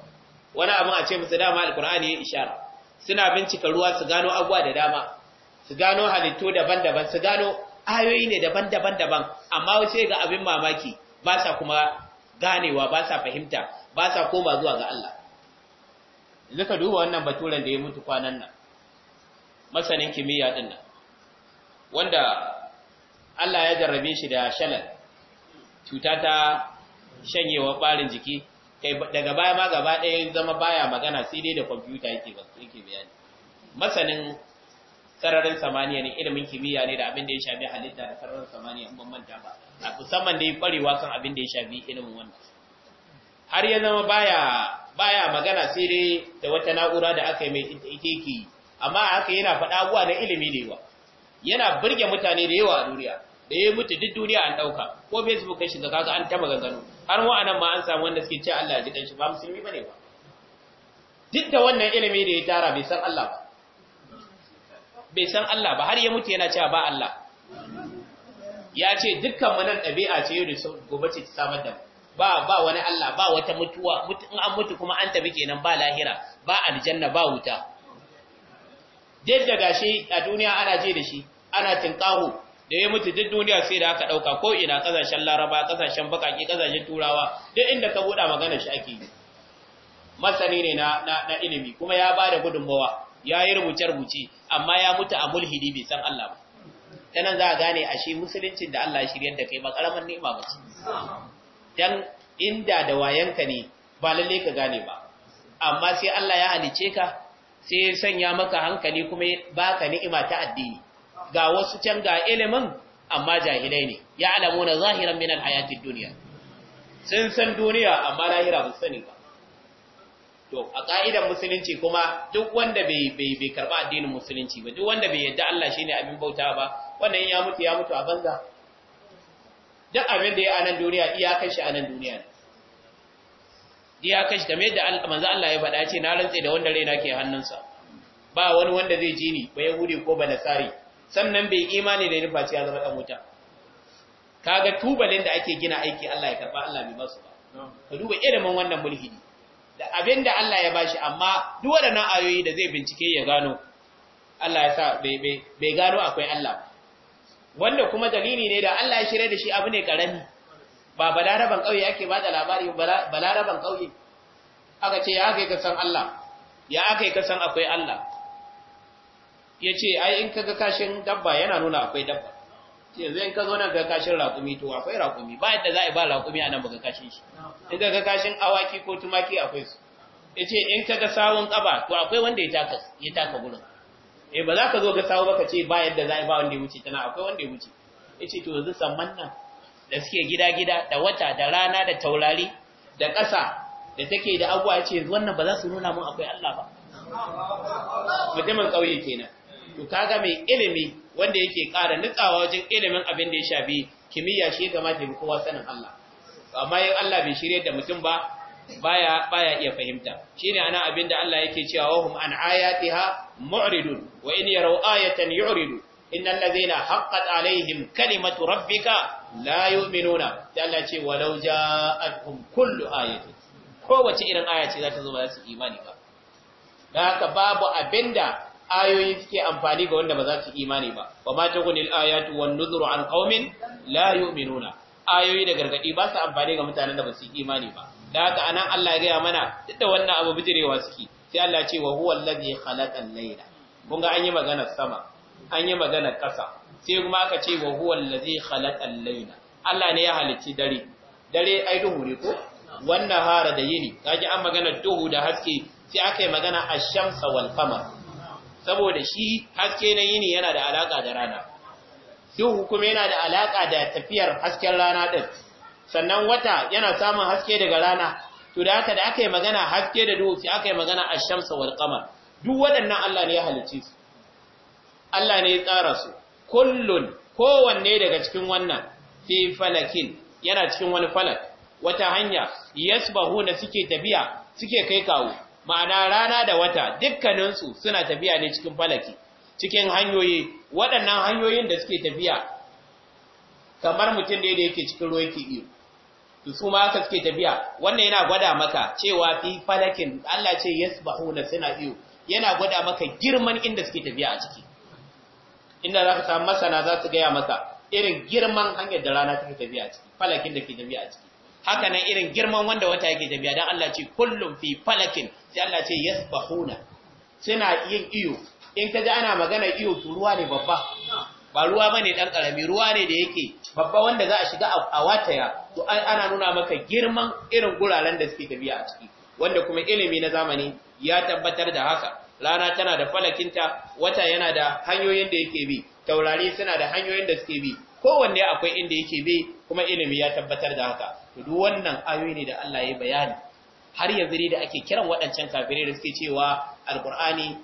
wani abin a ce musu dama alkur'ani ya ishara suna bincika ruwa su gano abuwa da dama su gano halittu daban-daban su gano ayoyi ne daban-daban daban amma sai ga abin mamaki ba sa kuma ganewa ba sa fahimta ba sa koma zuwa ga Allah ka duba wannan baturan da ya mutu kwanan nan masanin kimiyya din nan wanda Allah ya jarrabe shi da shalal cuta ta shanyewa barin jiki daga baya ma gaba ɗaya zama baya magana sai dai da kwamfuta yake ba yake bayani masanin sararin samaniya ne ilimin kimiyya ne da abin da ya shafi halitta da sararin samaniya in ban manta ba a musamman da ya kwarewa kan abin da ya shafi ilimin wannan har ya zama baya baya magana sai dai da wata na'ura da aka yi mai ita yake amma haka yana faɗa abuwa na ilimi da yawa yana burge mutane da yawa a duniya da ya mutu duk duniya an ɗauka ko facebook kan shiga kaga an ta maganganu har wa'anan ma an samu wanda suke ce Allah ya ji shi ba musulmi bane ba duk da wannan ilimi da ya tara bai san Allah ba bai san Allah ba har ya mutu yana cewa ba Allah ya ce dukkan nan ɗabi'a ce yau da gobe ce ta samar da ba ba wani Allah ba wata mutuwa in an mutu kuma an tafi kenan ba lahira ba aljanna ba wuta duk da gashi a duniya ana je da shi ana tinkahu da ya mutu duk duniya sai da aka ɗauka ko ina kasashen laraba kasashen bakaki kasashen turawa duk inda ka buɗa magana shi ake yi masani ne na ilimi kuma ya ba da gudunmawa ya yi rubuce-rubuce amma ya mutu a mulhidi bai san Allah ba ta nan za a gane a shi musuluncin da Allah shiryar da kai ba ƙaramin ni'ima ba ce dan inda da wayanka ne ba lalle ka gane ba amma sai Allah ya halice ka sai ya sanya maka hankali kuma ba ka ni'ima ta addini ga wasu can ga ilimin amma jahilai ne ya alamu na zahiran min alhayatid duniya. sun san duniya amma lahira ba sani ba to a ƙa'idan musulunci kuma duk wanda bai bai karba addinin musulunci ba duk wanda bai yadda Allah shine abin bauta ba wannan ya mutu ya mutu a banza duk abin da ya anan duniya iyakan shi anan duniya iyakan shi kamar yadda manzo Allah ya faɗa ce na rantse da wanda raina ke hannunsa ba wani wanda zai ji ni ba yahudi ko ba nasari sannan bai imani da ni face ya zama dan wuta kaga tubalin da ake gina aiki Allah ya karba Allah bai masu ba ka duba ilimin wannan mulhidi da abin da Allah ya bashi amma duk waɗannan ayoyi da zai bincike ya gano Allah ya sa bai gano akwai Allah wanda kuma dalili ne da Allah ya shirya da shi abu ne karami ba balaraban kauye yake ba da labari balaraban kauye aka ce ya aka yi kasan Allah ya aka yi kasan akwai Allah ya ce ai in kaga kashin dabba yana nuna akwai dabba yanzu zai ka zo nan ga kashin raƙumi to akwai raƙumi ba yadda za a ba raƙumi a nan ba ga kashin shi in ga kashin awaki ko tumaki akwai su yace in ka ga sawun ƙaba to akwai wanda ya taka ya taka gurin eh ba za ka zo ga sawu ba ka ce ba yadda za a ba wanda ya wuce tana akwai wanda ya wuce yace to yanzu samman nan da suke gida-gida da wata da rana da taurari da ƙasa da take da abuwa ce wannan ba za su nuna mun akwai Allah ba mutumin ƙauye kenan to kaga mai ilimi wanda yake ƙara nutsawa wajen ilimin abin da ya shafi kimiyya shi ga mata ya kowa sanin Allah amma yin Allah bai shirye da mutum ba baya baya iya fahimta shine ana abin da Allah yake cewa wahum an ha? mu'ridun wa in yaraw ayatan yu'ridu innal ladzina haqqat alaihim kalimatu rabbika la yu'minuna da Allah ce walau ja'atkum kullu ayatin kowace irin aya ce za ta zo za su imani ba da haka babu abinda ayoyi suke amfani ga wanda ba za su imani ba wa ma takunil ayatu wan nuzuru an qaumin la yu'minuna ayoyi da gargadi ba su amfani ga mutanen da ba su imani ba da haka anan Allah ya gaya mana duk da wannan abu bijirewa suke sai Allah ce wa huwa allazi khalaqa al-layla kun ga an yi magana sama an yi magana kasa sai kuma aka ce wa huwa allazi khalaqa al-layla Allah ne ya halicci dare dare ai duhu ne ko wannan hara da yini kaji an magana duhu da haske sai aka yi magana ash-shamsa wal qamar saboda shi haske na yini yana da alaka da rana duhu kuma yana da alaka da tafiyar hasken rana din sannan wata yana samun haske daga rana to da haka da aka yi magana haske da duhu sai aka yi magana ash-shamsu wal qamar duk waɗannan Allah ne ya halicce su Allah ne ya tsara su kullun kowanne daga cikin wannan fi falakin yana cikin wani falak wata hanya yasbahuna suke tafiya suke kai kawo ma'ana rana da wata dukkaninsu suna tafiya ne cikin falaki cikin hanyoyi waɗannan hanyoyin da suke tafiya kamar mutum da yake cikin ruwa yake iyo to su ma haka suke tafiya wannan yana gwada maka cewa fi falakin Allah ce na suna iyo yana gwada maka girman inda suke tafiya a ciki inda za ka samu masana za su gaya maka irin girman hanyar da rana take tafiya a ciki falakin da ke tafiya a ciki haka nan irin girman wanda wata yake jami'a dan Allah ce kullum fi falakin sai Allah ce yasbahuna suna yin iyo in ka ji ana magana iyo su ruwa ne babba ba ruwa bane dan karami ruwa ne da yake babba wanda za a shiga a wataya to ana nuna maka girman irin guraren da suke tafiya a ciki wanda kuma ilimi na zamani ya tabbatar da haka rana tana da falakinta wata yana da hanyoyin da yake bi taurari suna da hanyoyin da suke bi kowanne akwai inda yake bi kuma ilimi ya tabbatar da haka to duk wannan ayoyi ne da Allah ya bayani har yanzu ne da ake kiran waɗancan kafirai da suke cewa alqur'ani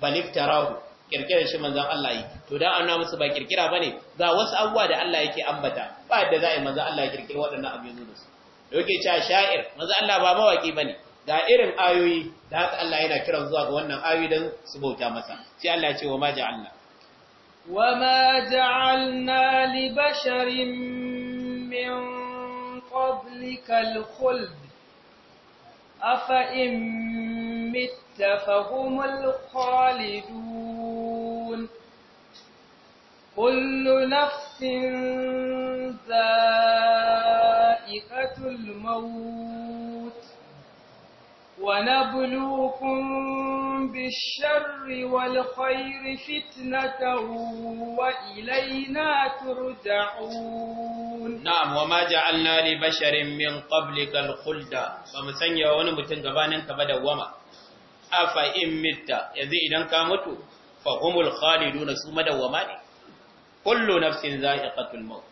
baliftarahu kirkirar shi manzon Allah yi to dan anna musu ba kirkira bane ga wasu abubuwa da Allah yake ambata ba da za a yi manzon Allah ya kirkira waɗannan abubuwa da su da yake cewa sha'ir manzon Allah ba mawaki bane ga irin ayoyi da haka Allah yana kiran zuwa ga wannan ayoyi dan su bauta masa sai Allah ya ce wa ma ja'alna wa ma ja'alna li basharin من فضلك الخلد أفإن مت فهم الخالدون كل نفس ذائقة الموت ونبلوكم بالشر والخير فتنة وإلينا ترجعون نعم وما جعلنا لبشر من قبلك الخلد ومسنيا ونمتن غبانك بدوما أفإن مت يزي إذن كامتو فهم الخالدون سوم دوما كل نفس ذائقة الموت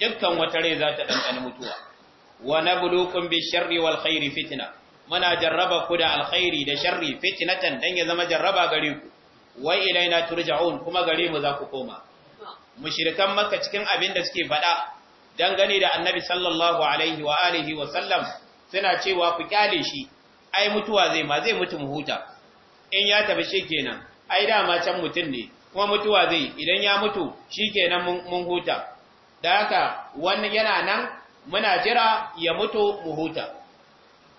دكان وتري ذات أن متوا ونبلوكم بالشر والخير فتنه muna jarraba ku da alkhairi da sharri fitnatan dan ya zama jarraba gare ku Wai ilaina turja'un kuma gare mu za ku koma mushrikan makka cikin abin da suke faɗa dangane da annabi sallallahu alaihi wa alihi wa sallam suna cewa ku kyale shi ai mutuwa zai ma zai mutu mu huta in ya tafi kenan, ai dama can mutun ne kuma mutuwa zai idan ya mutu shi kenan mun huta da haka wannan yana nan muna jira ya mutu mu huta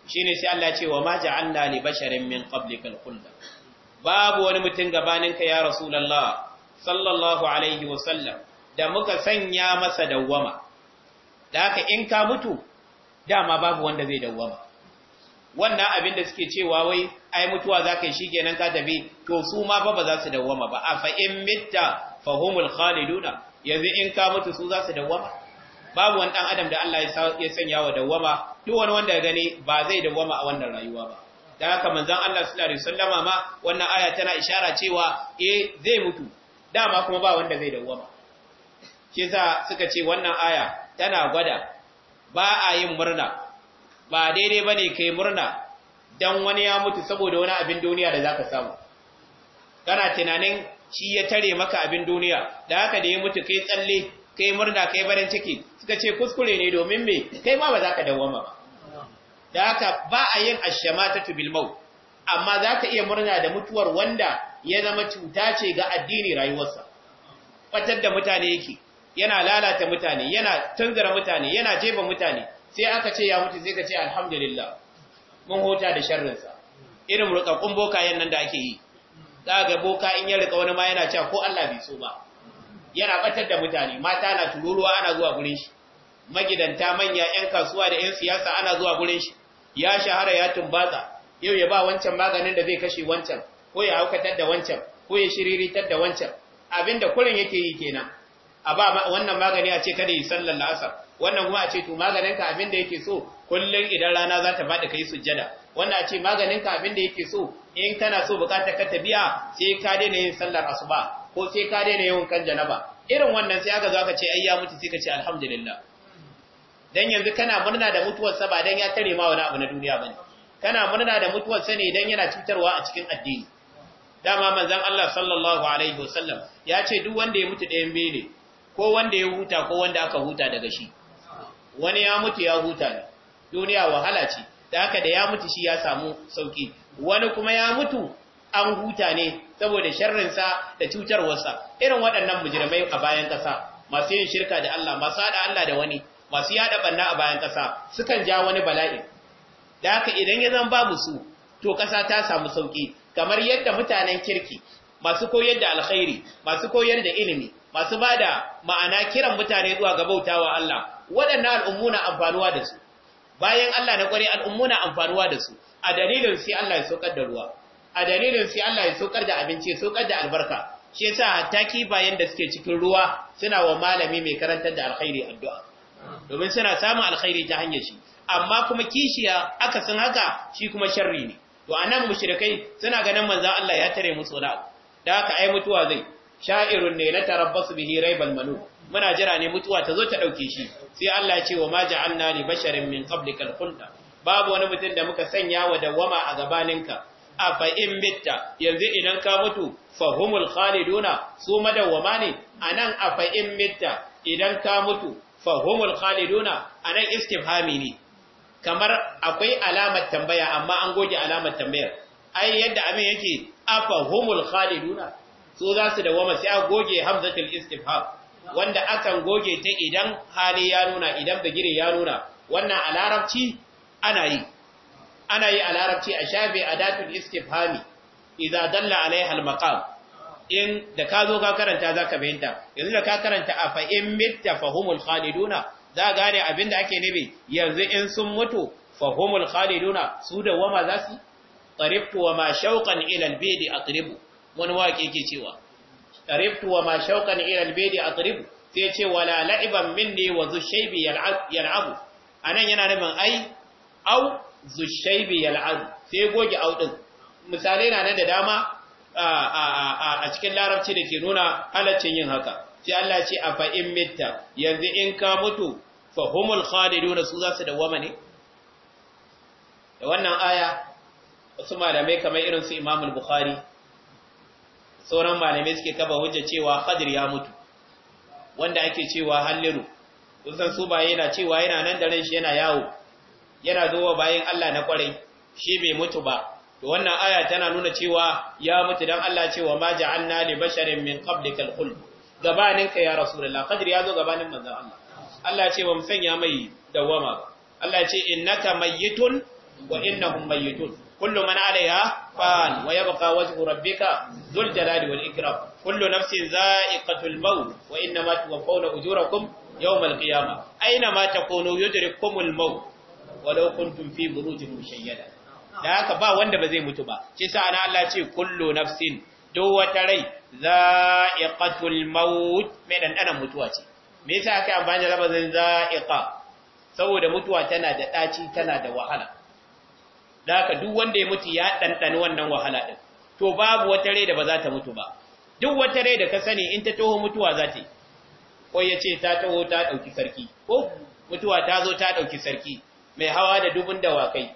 shine sai Allah ce wa ma ja'alna li basharin min qablikal khulda babu wani mutum gabaninka ya rasulullah sallallahu alaihi wa sallam da muka sanya masa dawwama da haka in ka mutu dama babu wanda zai dawwama wannan abin da suke cewa wai ai mutuwa zaka yi shikenan ka tafi to su ma fa ba za su dawwama ba A in mitta fahumul khaliduna yanzu in ka mutu su za su dawwama babu wani dan adam da Allah ya sanya wa dawwama duk wani wanda ya gani ba zai dawwama a wannan rayuwa ba Da haka manzon Allah sallallahu alaihi wasallama ma wannan aya tana ishara cewa eh zai mutu dama kuma ba wanda zai dawwama shi yasa suka ce wannan aya tana gwada ba a yin murna ba daidai bane kai murna dan wani ya mutu saboda wani abin duniya da zaka samu kana tunanin shi ya tare maka abin duniya da haka da ya mutu kai tsalle kai murna kai barin ciki suka ce kuskure ne domin me kai ma ba za ka dawwama ba da haka ba a yin ashamatatu bil maut amma za ka iya murna da mutuwar wanda ya zama cuta ce ga addini rayuwarsa fatar da mutane yake yana lalata mutane yana tunzura mutane yana jeba mutane sai aka ce ya mutu sai ka ce alhamdulillah mun hota da sharrinsa irin rukakkun boka nan da ake yi za boka in ya rika wani ma yana cewa ko Allah bai so ba yana batar da mutane mata na tururuwa ana zuwa gurin shi magidanta manya yan kasuwa da yan siyasa ana zuwa gurin shi ya shahara ya tumbatsa yau ya ba wancan maganin da zai kashe wancan ko ya haukatar da wancan ko ya shiriritar da wancan abinda kullun yake yi kenan a ba wannan magani a ce kada yi sallar la'asar wannan kuma a ce to maganinka abinda yake so kullun idan rana za ta bada kai sujjada wannan a ce abin da yake so in kana so bukatar ka ta sai ka daina yin sallar asuba ko sai ka daina yawan kan janaba irin wannan sai aka zo aka ce ai ya mutu sai ka ce alhamdulillah dan yanzu kana murna da mutuwar sa ba dan ya tare ma wani abu na duniya bane kana murna da mutuwar sa ne dan yana cutarwa a cikin addini dama manzon Allah sallallahu alaihi wasallam ya ce duk wanda ya mutu ɗayan bene, ko wanda ya huta ko wanda aka huta daga shi wani ya mutu ya huta ne duniya wahala ce da haka da ya mutu shi ya samu sauki wani kuma ya mutu an huta ne saboda sharrinsa da cutarwarsa irin waɗannan mujirmai a bayan ƙasa masu yin shirka da Allah masu haɗa Allah da wani masu yaɗa banna a bayan ƙasa sukan ja wani bala'i da haka idan ya zan babu su to ƙasa ta samu sauƙi kamar yadda mutanen kirki masu koyar da alkhairi masu koyar da ilimi masu ba da ma'ana kiran mutane zuwa ga bautawa Allah waɗannan al'ummu na amfanuwa da su bayan Allah na ƙware al'ummu na amfanuwa da su a dalilin sai Allah ya saukar da ruwa a dalilin sai Allah ya saukar da abinci ya saukar da albarka shi yasa hatta kifayen da suke cikin ruwa suna wa malami mai karantar da alkhairi addu'a domin suna samun alkhairi ta hanyar shi amma kuma kishiya aka san haka shi kuma sharri ne to a nan, mushrikai suna ganin manzan Allah ya tare musu da da haka ai mutuwa zai sha'irun ne la tarabbasu bihi raibal balmanu muna jira ne mutuwa ta zo ta ɗauke shi sai Allah ya ce wa ma ja'alna li basharin min qablikal babu wani mutum da muka sanya wa dawama a gabaninka afa in mitta yanzu idan ka mutu fahumul khaliduna su madawama ne anan afa in mitta idan ka mutu fahumul khaliduna anan istifhami ne kamar akwai alamar tambaya amma an goge alamar tambayar ai yadda abin yake afa humul khaliduna su zasu su dawama sai a goge hamzatul istifham wanda akan goge ta idan hali ya nuna idan bagire ya nuna wannan a larabci ana yi ana yi a larabci a datun adatul istifhami iza dalla alaiha al-maqam in da ka zo ka karanta zaka fahimta, yanzu da ka karanta a in mitta fahumul khaliduna za gane abin da ake nufi yanzu in sun mutu Fahimul khaliduna su da wama su tariftu wa ma shauqan ila al-bidi atribu wani waƙe cewa tariftu wa ma shauqan ila al sai ce wala la'iban ne wa zu shaybi yal'abu anan yana nufin ai au zushaibi yal'ad sai goge audin misalai na nan da dama a cikin larabci da ke nuna halaccin yin haka sai Allah ce a fa'in mitta yanzu in ka mutu fa humul khalidun su za su dawama ne da wannan aya wasu malamai kamar irin su Imam Bukhari sauran malamai suke kaba hujja cewa Khadir ya mutu wanda ake cewa halliru kusan su ba yana cewa yana nan da ran shi yana yawo yana zuwa bayan Allah na kwarai shi bai mutu ba to wannan aya tana nuna cewa ya mutu dan Allah cewa ma ja'alna li basharin min qablikal khuld gabanin ka ya rasulullah kadir ya zo gabanin manzon Allah Allah ce wa musanya mai dawama Allah ce innaka mayyitun wa innahum mayyitun kullu man alaiha fan wa yabqa wajhu rabbika dhul jalali wal ikram kullu nafsin za'iqatul maut wa innama tuwaffawna ujurakum yawmal qiyamah aina ma takunu yudrikumul maut walau kuntum fi burujin mushayyada da haka ba wanda ba zai mutu ba shi sa ana Allah ce kullu nafsin do wata rai za'iqatul maut mai dandanan mutuwa ce me yasa aka amfani da lafazin za'iqa saboda mutuwa tana da daci tana da wahala da haka duk wanda ya mutu ya dandani wannan wahala din to babu wata rai da ba za ta mutu ba duk wata rai da ka sani in ta toho mutuwa za ta yi ko ya ce ta taho ta ɗauki sarki ko mutuwa ta zo ta ɗauki sarki mai hawa da dubun dawakai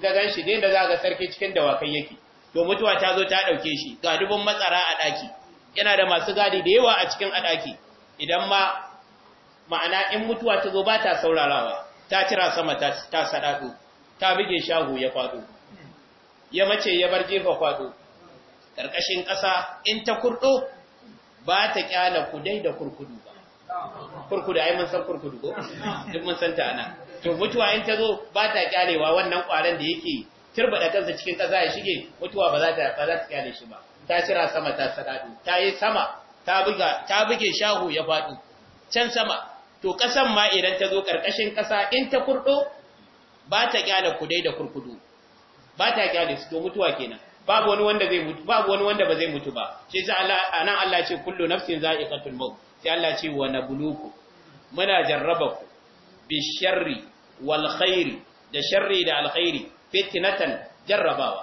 ga ganshi shi da za ga sarki cikin dawakai yake to mutuwa ta zo ta dauke shi ga dubun matsara a daki yana da masu gadi da yawa a cikin adaki idan ma ma'ana in mutuwa ta zo ba ta saurarawa ta cira sama ta ta ta bige shago ya fado ya mace ya bar jefa fado karkashin ƙasa in ta kurdo ba ta kyala kudai da kurkudu ba kurkudu ai mun san kurkudu ko duk mun san ta ana to mutuwa in ta zo ba ta kyalewa wannan ƙwaron da yake turbada kansa cikin ƙasa ya shige mutuwa ba za ta ba za ta kyale shi ba ta cira sama ta sadadu ta yi sama ta buga ta buge shahu ya faɗi can sama to ƙasan ma idan ta zo ƙarƙashin ƙasa in ta kurɗo ba ta kyale kudai da kurkudu ba ta kyale su to mutuwa kenan babu wani wanda zai mutu babu wani wanda ba zai mutu ba shi sai Allah anan Allah ce kullu nafsin za'iqatul maut sai Allah ce wa nabluku muna jarrabaku bisharri wal khairi da sharri da alkhairi fitnatan jarrabawa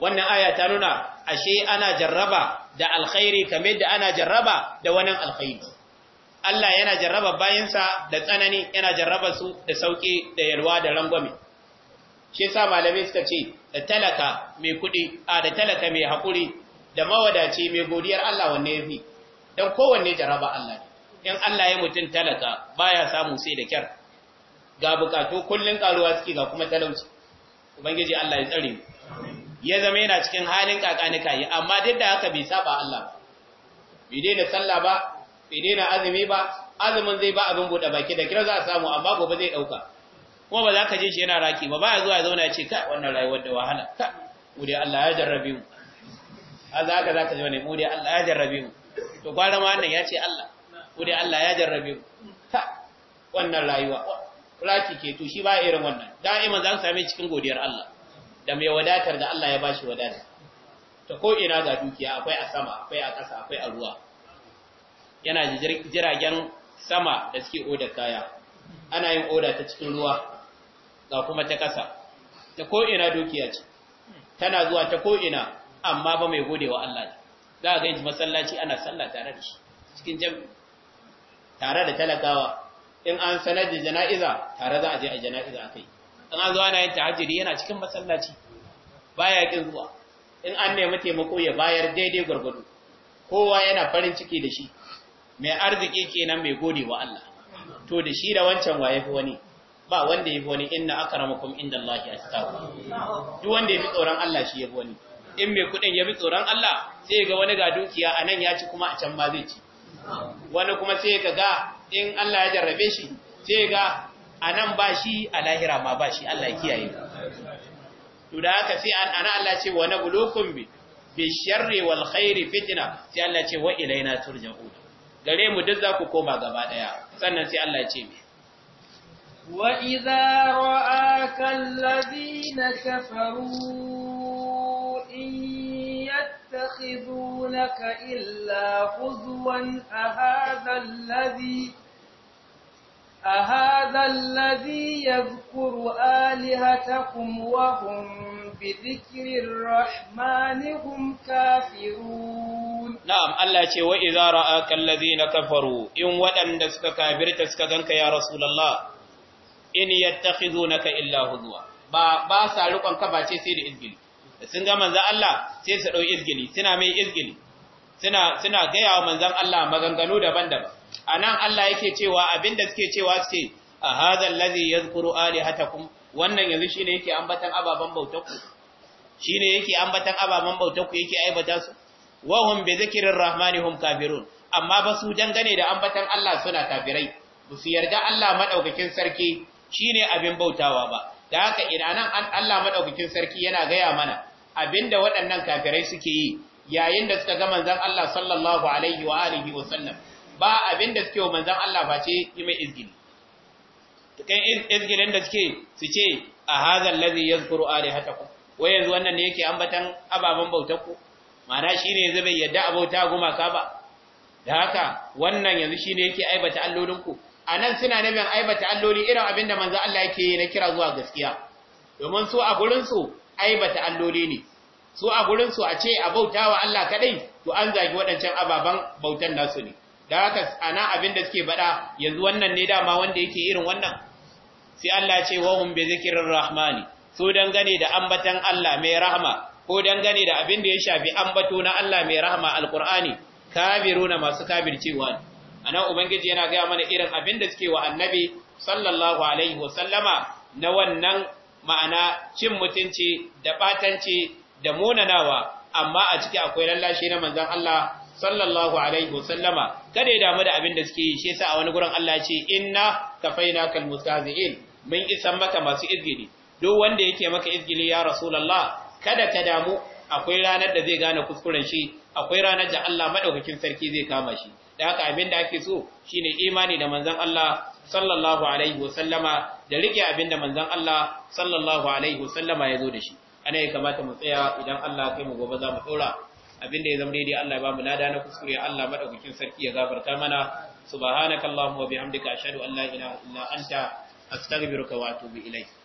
wannan aya ta nuna ashe ana jarraba da alkhairi kamar da ana jarraba da wani alkhairi Allah yana jarraba bayansa da tsanani yana jarraba su da sauki da yalwa da rangwame shi sa malamai suka ce da talaka mai kuɗi a da talaka mai haƙuri da mawadaci mai godiyar Allah wanne ya yafi dan kowanne jarraba Allah ne in Allah ya mutum talaka baya samu sai da kyar ga bukatu kullun karuwa suke ga kuma talauci ubangiji Allah ya tsare mu ya zama yana cikin halin kakanika yi amma duk da haka bai saba Allah ba. bai daina sallah ba bai daina azumi ba azumin zai ba abin bude baki da kira za a samu amma gobe zai dauka kuma ba za ka je shi yana raki ba baya zuwa zauna ya ce ka wannan rayuwar da wahala ka mu dai Allah ya jarrabe mu a za ka za ka ji wani mu dai Allah ya jarrabe mu to gwara ma wannan ya ce Allah ku Allah ya jarrabe ku ta wannan rayuwa raki ke to shi ba irin wannan da'ima za su same cikin godiyar Allah da mai wadatar da Allah ya bashi wadatar ta ko ina ga dukiya akwai a sama akwai a ƙasa akwai a ruwa yana jiragen sama da suke oda kaya ana yin oda ta cikin ruwa ga kuma ta ƙasa ta ko ina dukiya ce tana zuwa ta ko ina amma ba mai godewa Allah za a ga masallaci ana sallah tare da shi cikin jami'a tare da talakawa in an sanar da jana'iza tare za a je a jana'iza akai in an zo na yin tahajjudi yana cikin masallaci baya kin zuwa in an nemi taimako ya bayar daidai gurgudu kowa yana farin ciki da shi mai arziki kenan mai gode wa Allah to da shi da wancan waye fi wani ba wanda yafi wani inna akramakum indallahi attaqwa duk wanda yafi tsoron Allah shi yafi wani in mai kudin yafi tsoron Allah sai ga wani ga dukiya anan ya ci kuma a can ma zai ci wani kuma sai ka ga in Allah ya jarrabe shi sai ga a nan ba shi a lahira ma ba shi Allah kiyaye to da haka sai ana Allah ce wa nabulukum bi bi sharri wal khairi fitna sai Allah ce wa ilaina turja'un gare mu duk za ku koma gaba daya sannan sai Allah ce me idza ra'aka alladhina kafaru يتخذونك إلا خزوا أهذا الذي أهذا الذي يذكر آلهتكم وهم بذكر الرحمن هم كافرون نعم الله يقول وإذا رآك الذين كفروا إن ودن دسك كافر تسكتنك يا رسول الله إن يتخذونك إلا هدوا ba ba sa rukon ka face sai da izgili da sun ga manzan Allah sai su ɗau izgili suna mai izgili suna suna gaya wa manzan Allah maganganu daban-daban anan Allah yake cewa abinda suke cewa suke a hadha allazi yadhkuru alihatakum wannan yanzu shine yake ambatan ababan shine yake ambatan ababan bautar yake aibata su wa hum bi rahmani hum kafirun amma ba su dangane da ambatan Allah suna kafirai ba su yarda Allah madaukakin sarki shine abin bautawa ba da haka idanan Allah madaukakin sarki yana gaya mana abinda waɗannan kafirai suke yi yayin da suka ga manzon Allah sallallahu alaihi wa alihi wa sallam ba abinda suke wa manzon Allah ba ce yi mai izgili kan izgilin da suke su ce a hadha ladhi yazkuru alihatakum wai yanzu wannan ne yake ambatan ababan bautar ku ma'ana shine yanzu bai yadda abauta gumaka ba da haka wannan yanzu shine yake aibata allolinku a nan suna nabin aibata alloli irin abin da Allah yake na kira zuwa gaskiya domin su a gurin su. aibata alloli ne su a gurin su a ce a bauta wa Allah kadai to an zagi waɗancan ababan bautan nasu ne da haka ana abin da suke bada yanzu wannan ne dama wanda yake irin wannan sai Allah ce wa hum bi zikrir rahmani su dangane da ambatan Allah mai rahma ko dangane da abin da ya shafi ambato na Allah mai rahma alqur'ani kabiruna masu kabircewa anan ubangiji yana ga mana irin abin da suke wa annabi sallallahu alaihi wasallama na wannan ma'ana cin mutunci da batanci da munanawa amma a ciki akwai lallashi na manzon Allah sallallahu alaihi wasallama kada ya damu da abin da suke yi shi yasa a wani gurin Allah ya ce inna kal mustazi'in mun isan maka masu izgili duk wanda yake maka izgili ya rasulullah kada ka damu akwai ranar da zai gane kuskuren shi akwai ranar da Allah madaukakin sarki zai kama shi da haka abin da ake so shine imani da manzon Allah sallallahu alaihi wasallama da rike abinda manzon Allah sallallahu alaihi wasallama ya zo da shi ana ya kamata mu tsaya idan Allah kai mu gobe za mu tsora da ya zama daidai Allah ya bamu mu lada na kuskure Allah madaukakin sarki ya gafarta mana subhanakallahumma wa bihamdika ashhadu an la ilaha illa anta astaghfiruka wa atubu ilayk